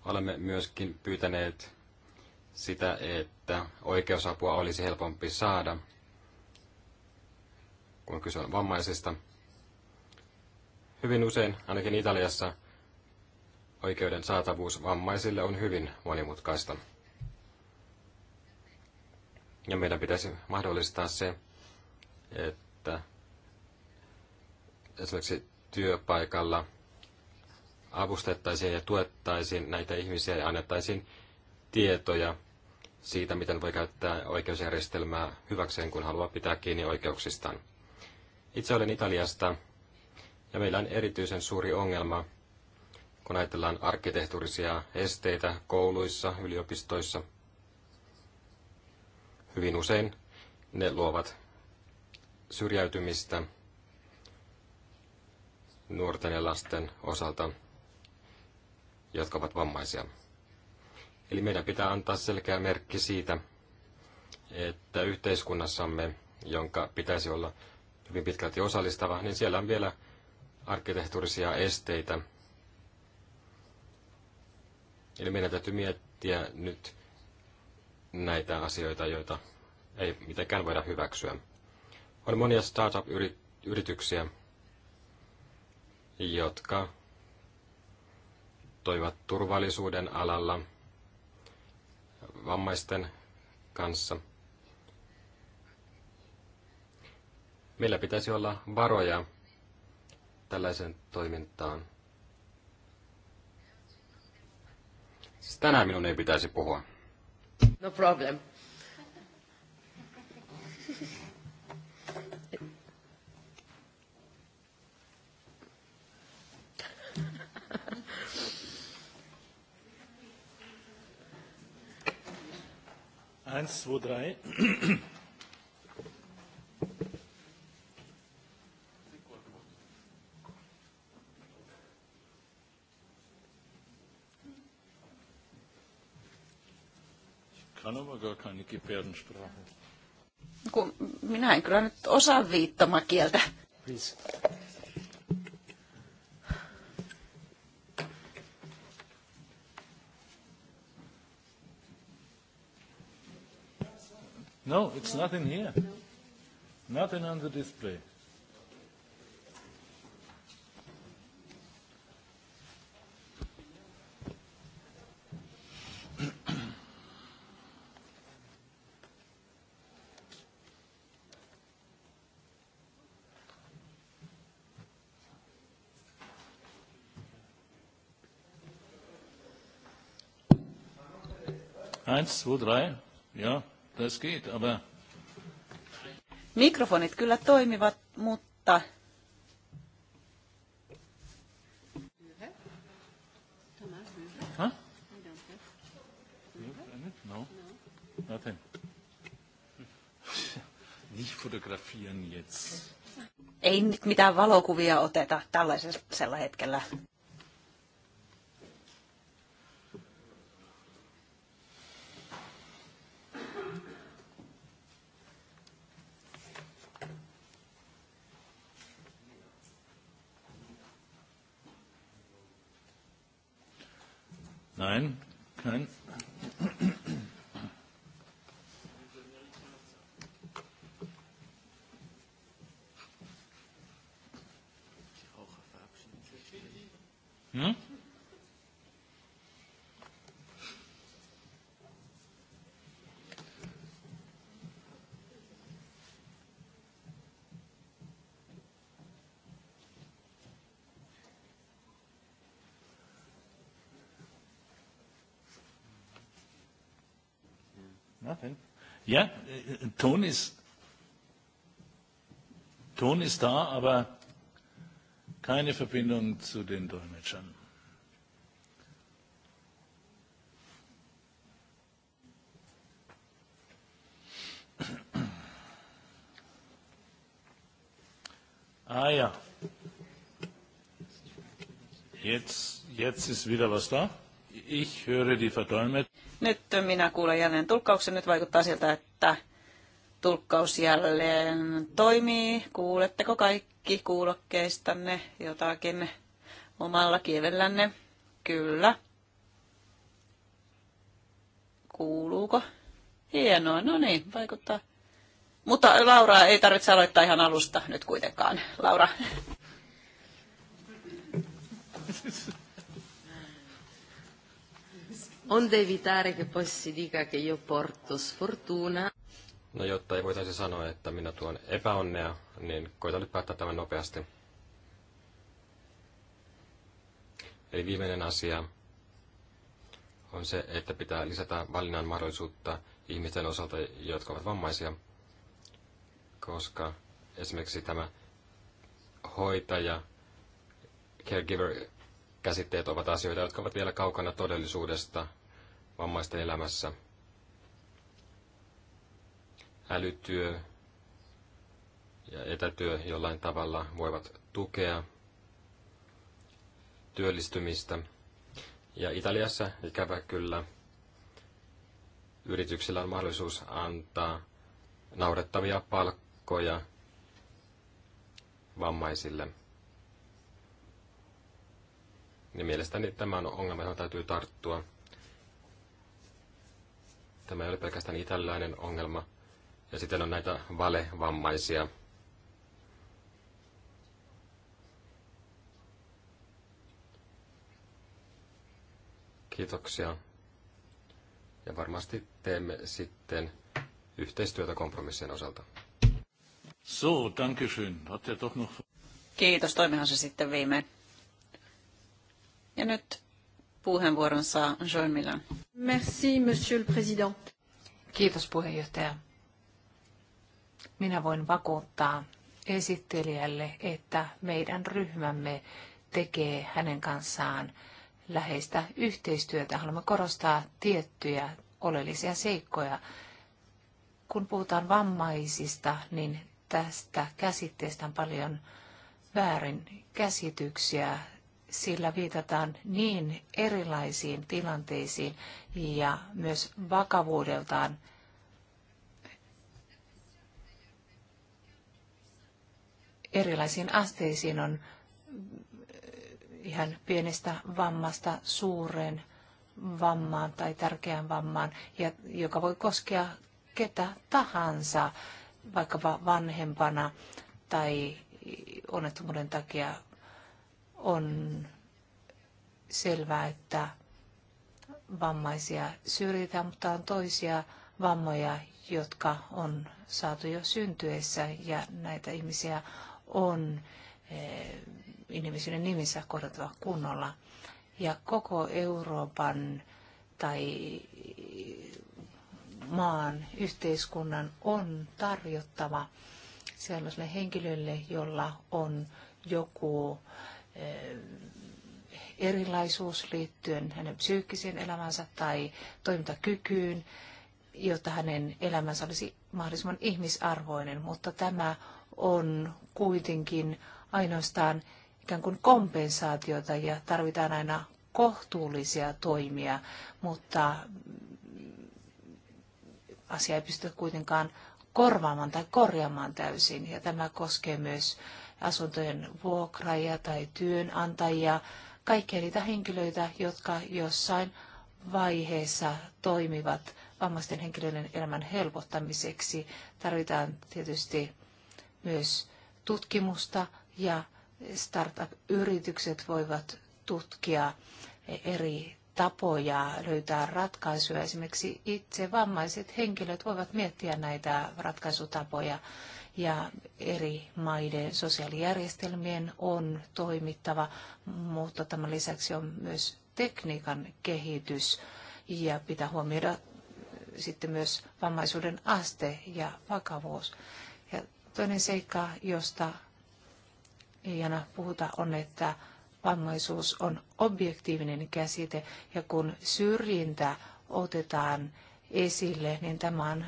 Olemme myöskin pyytäneet sitä, että oikeusapua olisi helpompi saada, kun kyse on vammaisista. Hyvin usein, ainakin Italiassa, oikeuden saatavuus vammaisille on hyvin monimutkaista. Ja meidän pitäisi mahdollistaa se, että esimerkiksi työpaikalla avustettaisiin ja tuettaisiin näitä ihmisiä ja annettaisiin tietoja siitä, miten voi käyttää oikeusjärjestelmää hyväkseen, kun haluaa pitää kiinni oikeuksistaan. Itse olen Italiasta ja meillä on erityisen suuri ongelma, kun ajatellaan arkkitehtuurisia esteitä kouluissa, yliopistoissa. Hyvin usein ne luovat syrjäytymistä nuorten ja lasten osalta jotka ovat vammaisia. Eli meidän pitää antaa selkeä merkki siitä, että yhteiskunnassamme, jonka pitäisi olla hyvin pitkälti osallistava, niin siellä on vielä arkkitehtuurisia esteitä. Eli meidän täytyy miettiä nyt näitä asioita, joita ei mitenkään voida hyväksyä. On monia startup-yrityksiä, jotka toivat turvallisuuden alalla vammaisten kanssa. Meillä pitäisi olla varoja tällaiseen toimintaan. Siis tänään minun ei pitäisi puhua. No problem. 1, 2, 3. Ich kann aber gar keine Gebärdensprache. Minä en kyllä nyt osaa viittomakieltä. Please. No, it's nothing here. Nothing on the display. Eins, zwei, drei, ja. Das geht, aber... Mikrofonit kyllä toimivat, mutta... [LAUGHS] Ei nyt mitään valokuvia oteta tällaisella hetkellä. Nein? Kein? Ja, Ton ist, Ton ist da, aber keine Verbindung zu den Dolmetschern. Ah ja. Jetzt, jetzt ist wieder was da. Ich höre die Verdolmetscher. Nyt minä kuulen jälleen tulkkauksen. Nyt vaikuttaa siltä, että tulkkaus jälleen toimii. Kuuletteko kaikki kuulokkeistanne jotakin omalla kielellänne? Kyllä. Kuuluuko? Hienoa, no niin, vaikuttaa. Mutta Laura, ei tarvitse aloittaa ihan alusta nyt kuitenkaan. Laura. [LAUGHS] onde evitare che poi si dica che io porto sfortuna. No jotta ei voitaisi sanoa, että minä tuon epäonnea, niin koitan nyt päättää tämän nopeasti. Eli viimeinen asia on se, että pitää lisätä valinnan mahdollisuutta ihmisten osalta, jotka ovat vammaisia, koska esimerkiksi tämä hoitaja, caregiver-käsitteet ovat asioita, jotka ovat vielä kaukana todellisuudesta vammaisten elämässä, älytyö ja etätyö jollain tavalla voivat tukea työllistymistä. Ja Italiassa ikävä kyllä yrityksillä on mahdollisuus antaa naurettavia palkkoja vammaisille. Niin mielestäni tämä on ongelma, johon täytyy tarttua. Tämä ei ole pelkästään itäläinen ongelma. Ja sitten on näitä valevammaisia. Kiitoksia. Ja varmasti teemme sitten yhteistyötä kompromissien osalta. So, danke schön. Hat er doch noch... Kiitos, toimihan se sitten viimein. Ja nyt puheenvuoron Jean Milan. Merci, monsieur le président. Kiitos puheenjohtaja. Minä voin vakuuttaa esittelijälle, että meidän ryhmämme tekee hänen kanssaan läheistä yhteistyötä. Haluamme korostaa tiettyjä oleellisia seikkoja. Kun puhutaan vammaisista, niin tästä käsitteestä on paljon väärin käsityksiä sillä viitataan niin erilaisiin tilanteisiin ja myös vakavuudeltaan erilaisiin asteisiin on ihan pienestä vammasta suureen vammaan tai tärkeään vammaan, ja joka voi koskea ketä tahansa, vaikkapa vanhempana tai onnettomuuden takia on selvää, että vammaisia syrjitään, mutta on toisia vammoja, jotka on saatu jo syntyessä ja näitä ihmisiä on eh, inhimillisyyden nimissä kohdattava kunnolla. Ja koko Euroopan tai maan yhteiskunnan on tarjottava sellaiselle henkilölle, jolla on joku eh, Eh, erilaisuus liittyen hänen psyykkiseen elämänsä tai toimintakykyyn, jotta hänen elämänsä olisi mahdollisimman ihmisarvoinen, mutta tämä on kuitenkin ainoastaan ikään kuin kompensaatiota ja tarvitaan aina kohtuullisia toimia, mutta asia ei pysty kuitenkaan korvaamaan tai korjaamaan täysin. Ja tämä koskee myös asuntojen vuokraajia tai työnantajia, kaikkia niitä henkilöitä, jotka jossain vaiheessa toimivat vammaisten henkilöiden elämän helpottamiseksi. Tarvitaan tietysti myös tutkimusta ja startup-yritykset voivat tutkia eri tapoja löytää ratkaisuja. Esimerkiksi itse vammaiset henkilöt voivat miettiä näitä ratkaisutapoja ja eri maiden sosiaalijärjestelmien on toimittava, mutta tämän lisäksi on myös tekniikan kehitys ja pitää huomioida äh, sitten myös vammaisuuden aste ja vakavuus. Ja toinen seikka, josta ei aina puhuta, on, että vammaisuus on objektiivinen käsite ja kun syrjintä otetaan esille, niin tämä on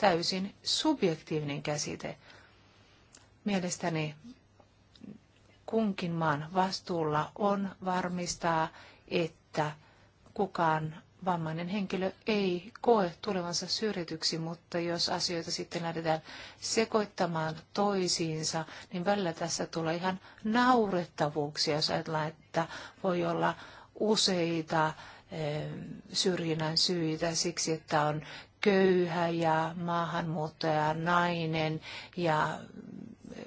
täysin subjektiivinen käsite. Mielestäni kunkin maan vastuulla on varmistaa, että kukaan vammainen henkilö ei koe tulevansa syrjityksi, mutta jos asioita sitten lähdetään sekoittamaan toisiinsa, niin välillä tässä tulee ihan naurettavuuksia, jos ajatellaan, että voi olla useita eh, syrjinnän syitä siksi, että on köyhä ja maahanmuuttaja nainen ja eh,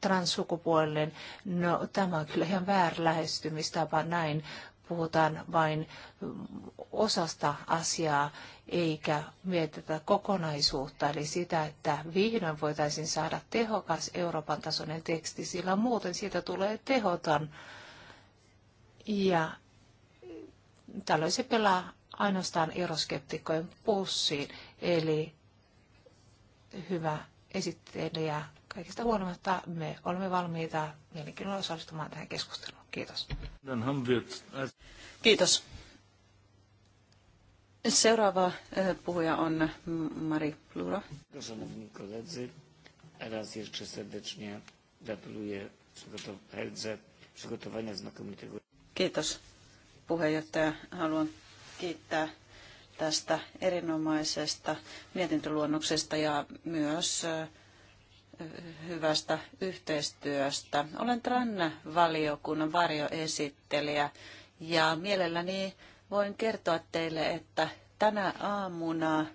transsukupuolinen. No tämä on kyllä ihan väärä lähestymistapa näin. Puhutaan vain osasta asiaa eikä mietitä kokonaisuutta, eli sitä, että vihdoin voitaisiin saada tehokas Euroopan tasoinen teksti, sillä muuten siitä tulee tehoton. Ja tällöin se pelaa ainoastaan euroskeptikkojen pussiin, eli hyvä esittelijä. Kaikista huolimatta me olemme valmiita mielenkiinnolla osallistumaan tähän keskusteluun. Kiitos. Kiitos. Seuraava puhuja on Mari Pluro. Szanowni koledzy, raz jeszcze serdecznie gratuluję przygotowania znakomitego. Kiitos puheenjohtaja. Haluan kiittää tästä erinomaisesta mietintöluonnoksesta ja myös hyvästä yhteistyöstä. Olen tranna valiokunnan varjoesittelijä ja mielelläni voin kertoa teille, että tänä aamuna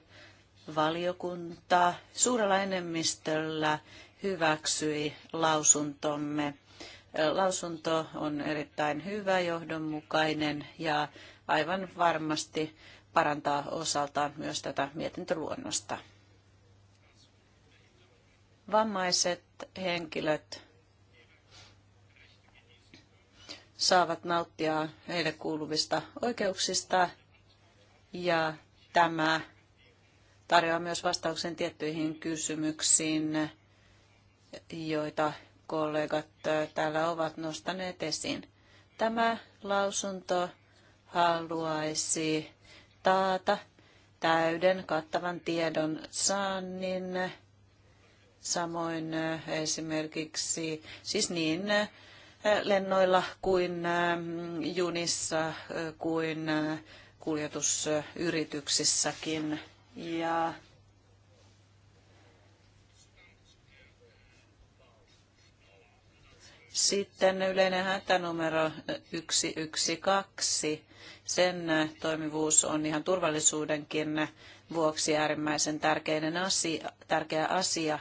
valiokunta suurella enemmistöllä hyväksyi lausuntomme. Lausunto on erittäin hyvä, johdonmukainen ja aivan varmasti parantaa osaltaan myös tätä mietintöluonnosta. Vammaiset henkilöt saavat nauttia heille kuuluvista oikeuksista ja tämä tarjoaa myös vastauksen tiettyihin kysymyksiin, joita kollegat täällä ovat nostaneet esiin. Tämä lausunto haluaisi taata täyden kattavan tiedon saannin, samoin äh, esimerkiksi siis niin äh, lennoilla kuin äh, junissa kuin kuljetusyrityksissäkin. Ja Sitten yleinen hätänumero 112. Sen äh, toimivuus on ihan turvallisuudenkin vuoksi äärimmäisen tärkeinen asia, tärkeä asia.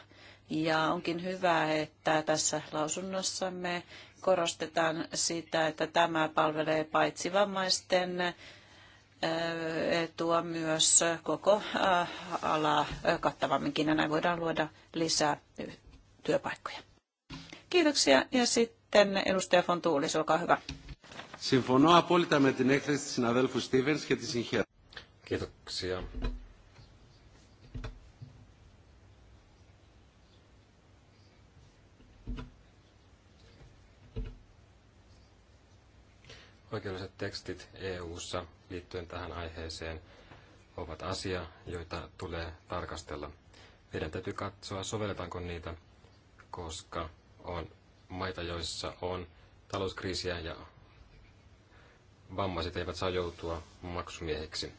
Ja onkin hyvä, että tässä lausunnossamme korostetaan sitä, että tämä palvelee paitsi vammaisten äh, etua myös koko äh, alaa kattavamminkin ja näin voidaan luoda lisää työpaikkoja. Kiitoksia ja sitten edustaja Fontuulis, olkaa hyvä. Συμφωνώ απόλυτα με την έκθεση της συναδέλφου Στίβενς και τη συγχαίρω. Kiitoksia. Oikeudelliset tekstit EU:ssa liittyen tähän aiheeseen ovat asia, joita tulee tarkastella. Meidän täytyy katsoa, sovelletaanko niitä, koska on maita, joissa on talouskriisiä ja vammaiset eivät saa joutua maksumieheksi.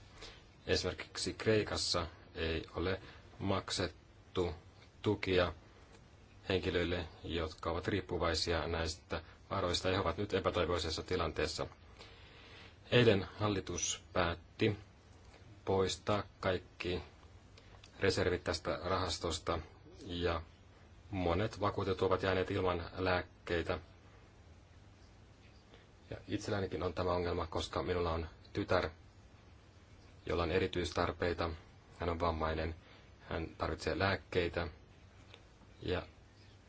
Esimerkiksi Kreikassa ei ole maksettu tukia henkilöille, jotka ovat riippuvaisia näistä varoista ja he ovat nyt epätoivoisessa tilanteessa. Eilen hallitus päätti poistaa kaikki reservit tästä rahastosta ja monet vakuutetut ovat jääneet ilman lääkkeitä. Ja itsellänikin on tämä ongelma, koska minulla on tytär, jolla on erityistarpeita. Hän on vammainen, hän tarvitsee lääkkeitä ja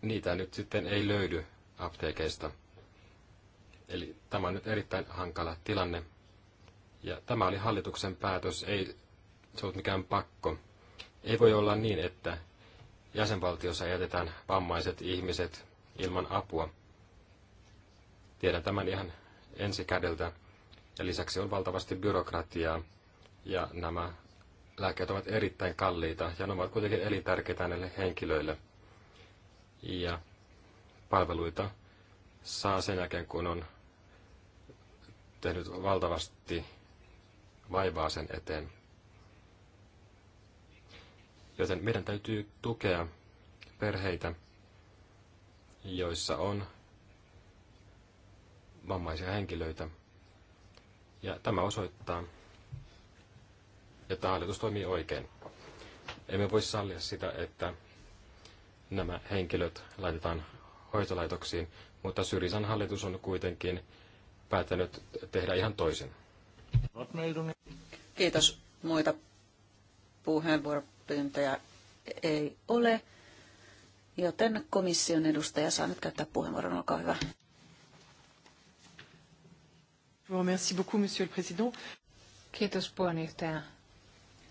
niitä nyt sitten ei löydy apteekeista. Eli tämä on nyt erittäin hankala tilanne. Ja tämä oli hallituksen päätös, ei se ollut mikään pakko. Ei voi olla niin, että jäsenvaltiossa jätetään vammaiset ihmiset ilman apua. Tiedän tämän ihan ensikädeltä. Ja lisäksi on valtavasti byrokratiaa ja nämä lääkkeet ovat erittäin kalliita ja ne ovat kuitenkin elintärkeitä näille henkilöille. Ja palveluita saa sen jälkeen, kun on tehnyt valtavasti vaivaa sen eteen. Joten meidän täytyy tukea perheitä, joissa on vammaisia henkilöitä. Ja tämä osoittaa, että hallitus toimii oikein. Emme voi sallia sitä, että nämä henkilöt laitetaan hoitolaitoksiin, mutta Syrisan hallitus on kuitenkin päättänyt tehdä ihan toisin. Kiitos. Muita puheenvuoroja puheenvuoropyyntöjä ei ole, joten komission edustaja saa nyt käyttää puheenvuoron. Olkaa hyvä. Kiitos puheenjohtaja.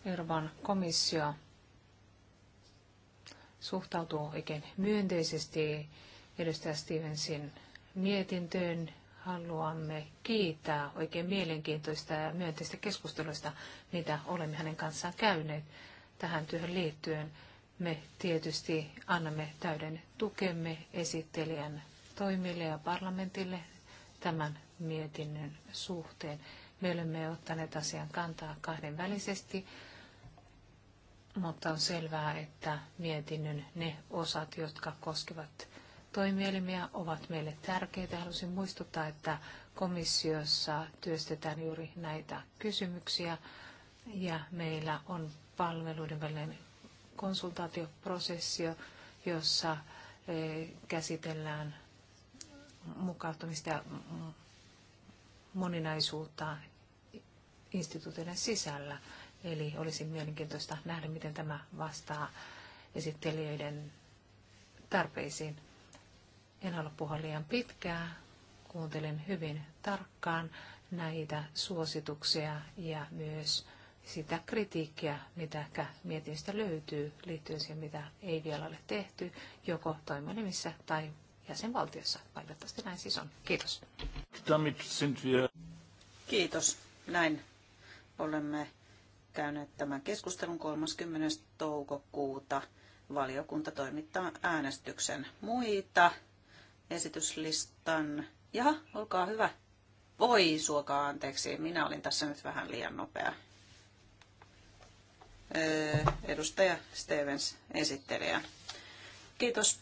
Euroopan komissio suhtautuu oikein myönteisesti edustaja Stevensin mietintöön. Haluamme kiittää oikein mielenkiintoista ja myönteistä keskustelusta, mitä olemme hänen kanssaan käyneet tähän työhön liittyen. Me tietysti annamme täyden tukemme esittelijän toimille ja parlamentille tämän mietinnön suhteen. Me olemme ottaneet asian kantaa kahdenvälisesti, mutta on selvää, että mietinnön ne osat, jotka koskevat toimielimiä, ovat meille tärkeitä. Haluaisin muistuttaa, että komissiossa työstetään juuri näitä kysymyksiä ja meillä on palveluiden välinen konsultaatioprosessio, jossa eh, käsitellään mukautumista ja moninaisuutta instituutioiden sisällä. Eli olisi mielenkiintoista nähdä, miten tämä vastaa esittelijöiden tarpeisiin. En halua puhua liian pitkään. Kuuntelen hyvin tarkkaan näitä suosituksia ja myös sitä kritiikkiä, mitä ehkä mietinnöstä löytyy liittyen siihen, mitä ei vielä ole tehty, joko toimielimissä tai jäsenvaltiossa. Valitettavasti näin siis on. Kiitos. Kiitos. Näin olemme käyneet tämän keskustelun 30. toukokuuta. Valiokunta toimittaa äänestyksen muita esityslistan. Ja olkaa hyvä. Voi suokaa anteeksi, minä olin tässä nyt vähän liian nopea. Äh, edustaja Stevens esittelijä. Kiitos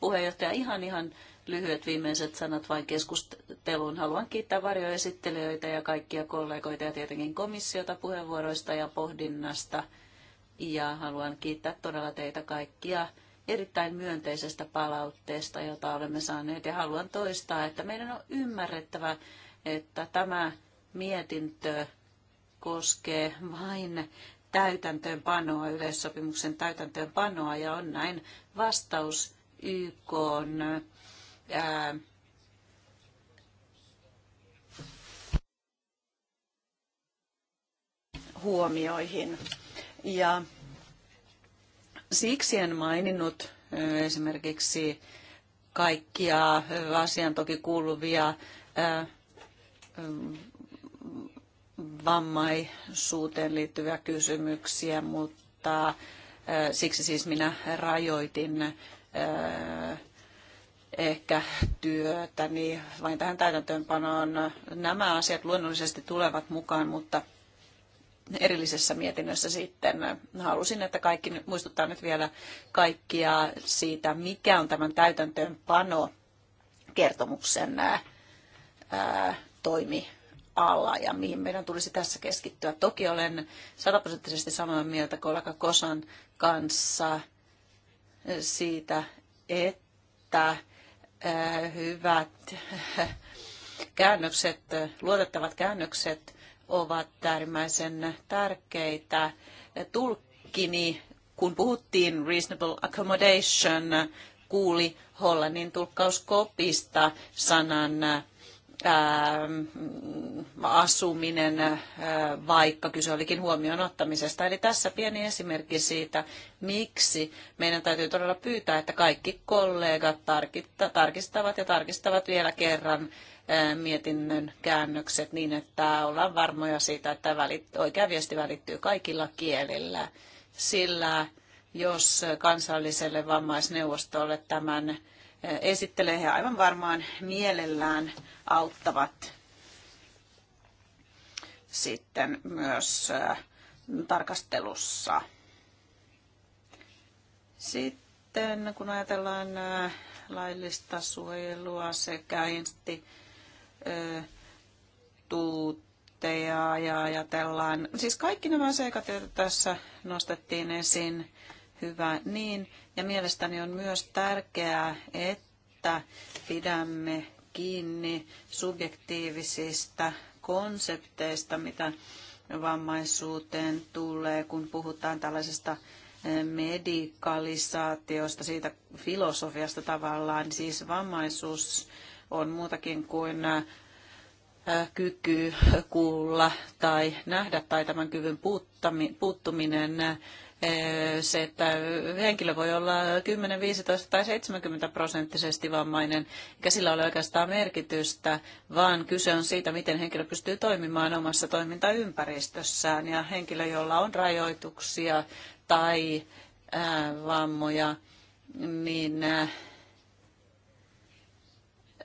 puheenjohtaja. Ihan ihan lyhyet viimeiset sanat vain keskusteluun. Haluan kiittää varjoesittelijöitä ja kaikkia kollegoita ja tietenkin komissiota puheenvuoroista ja pohdinnasta. Ja haluan kiittää todella teitä kaikkia erittäin myönteisestä palautteesta, jota olemme saaneet. Ja haluan toistaa, että meidän on ymmärrettävä, että tämä mietintö koskee vain täytäntöönpanoa, yleissopimuksen täytäntöönpanoa ja on näin vastaus YK on, ää, huomioihin. Ja siksi en maininnut esimerkiksi kaikkia asian toki kuuluvia vammaisuuteen liittyviä kysymyksiä, mutta siksi siis minä rajoitin ehkä työtä, niin vain tähän täytäntöönpanoon nämä asiat luonnollisesti tulevat mukaan, mutta erillisessä mietinnössä sitten halusin, että kaikki muistuttaa nyt vielä kaikkia siitä, mikä on tämän täytäntöönpano kertomuksen toimi alla ja mihin meidän tulisi tässä keskittyä. Toki olen sataprosenttisesti samaa mieltä kollega Kosan kanssa siitä, että äh, hyvät [LAUGHS] käännökset, luotettavat käännökset ovat äärimmäisen tärkeitä. Tulkkini, kun puhuttiin reasonable accommodation, kuuli Hollannin tulkkauskopista sanan Ähm, asuminen, äh, vaikka kyse olikin huomioon ottamisesta. Eli tässä pieni esimerkki siitä, miksi meidän täytyy todella pyytää, että kaikki kollegat tarkistavat ja tarkistavat vielä kerran äh, mietinnön käännökset niin, että ollaan varmoja siitä, että välit, oikea viesti välittyy kaikilla kielillä. Sillä jos kansalliselle vammaisneuvostolle tämän esittelee. He aivan varmaan mielellään auttavat sitten myös tarkastelussa. Sitten kun ajatellaan laillista suojelua sekä instituutteja ja ajatellaan, siis kaikki nämä seikat, joita tässä nostettiin esiin, hyvä niin. Ja mielestäni on myös tärkeää, että pidämme kiinni subjektiivisista konsepteista, mitä vammaisuuteen tulee, kun puhutaan tällaisesta eh, medikalisaatiosta, siitä filosofiasta tavallaan. Siis vammaisuus on muutakin kuin eh, kyky kuulla tai nähdä tai tämän kyvyn puuttuminen. Eh, se, että henkilö voi olla 10, 15 tai 70 prosenttisesti vammainen, eikä sillä ole oikeastaan merkitystä, vaan kyse on siitä, miten henkilö pystyy toimimaan omassa toimintaympäristössään ja henkilö, jolla on rajoituksia tai äh, vammoja, niin äh,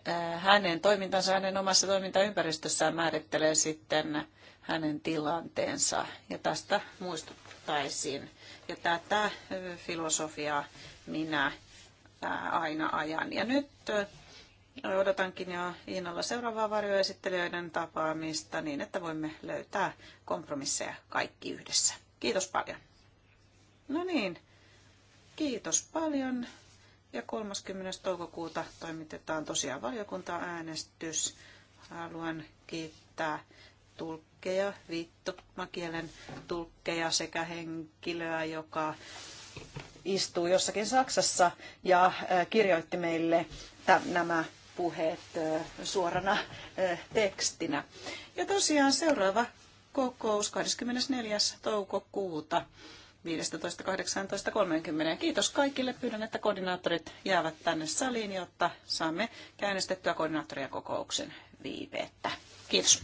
äh, hänen toimintansa hänen omassa toimintaympäristössään määrittelee sitten hänen tilanteensa. Ja tästä muistuttaisin. Ja tätä filosofiaa minä aina ajan. Ja nyt odotankin jo Iinalla seuraavaa varjoesittelijöiden tapaamista niin, että voimme löytää kompromisseja kaikki yhdessä. Kiitos paljon. No niin, kiitos paljon. Ja 30. toukokuuta toimitetaan tosiaan valiokuntaäänestys. Haluan kiittää tulkkeja, viittomakielen tulkkeja sekä henkilöä, joka istuu jossakin Saksassa ja äh, kirjoitti meille nämä puheet äh, suorana äh, tekstinä. Ja tosiaan seuraava kokous 24. toukokuuta 15.18.30. Kiitos kaikille. Pyydän, että koordinaattorit jäävät tänne saliin, jotta saamme käynnistettyä koordinaattoria kokouksen viiveettä. Kiitos.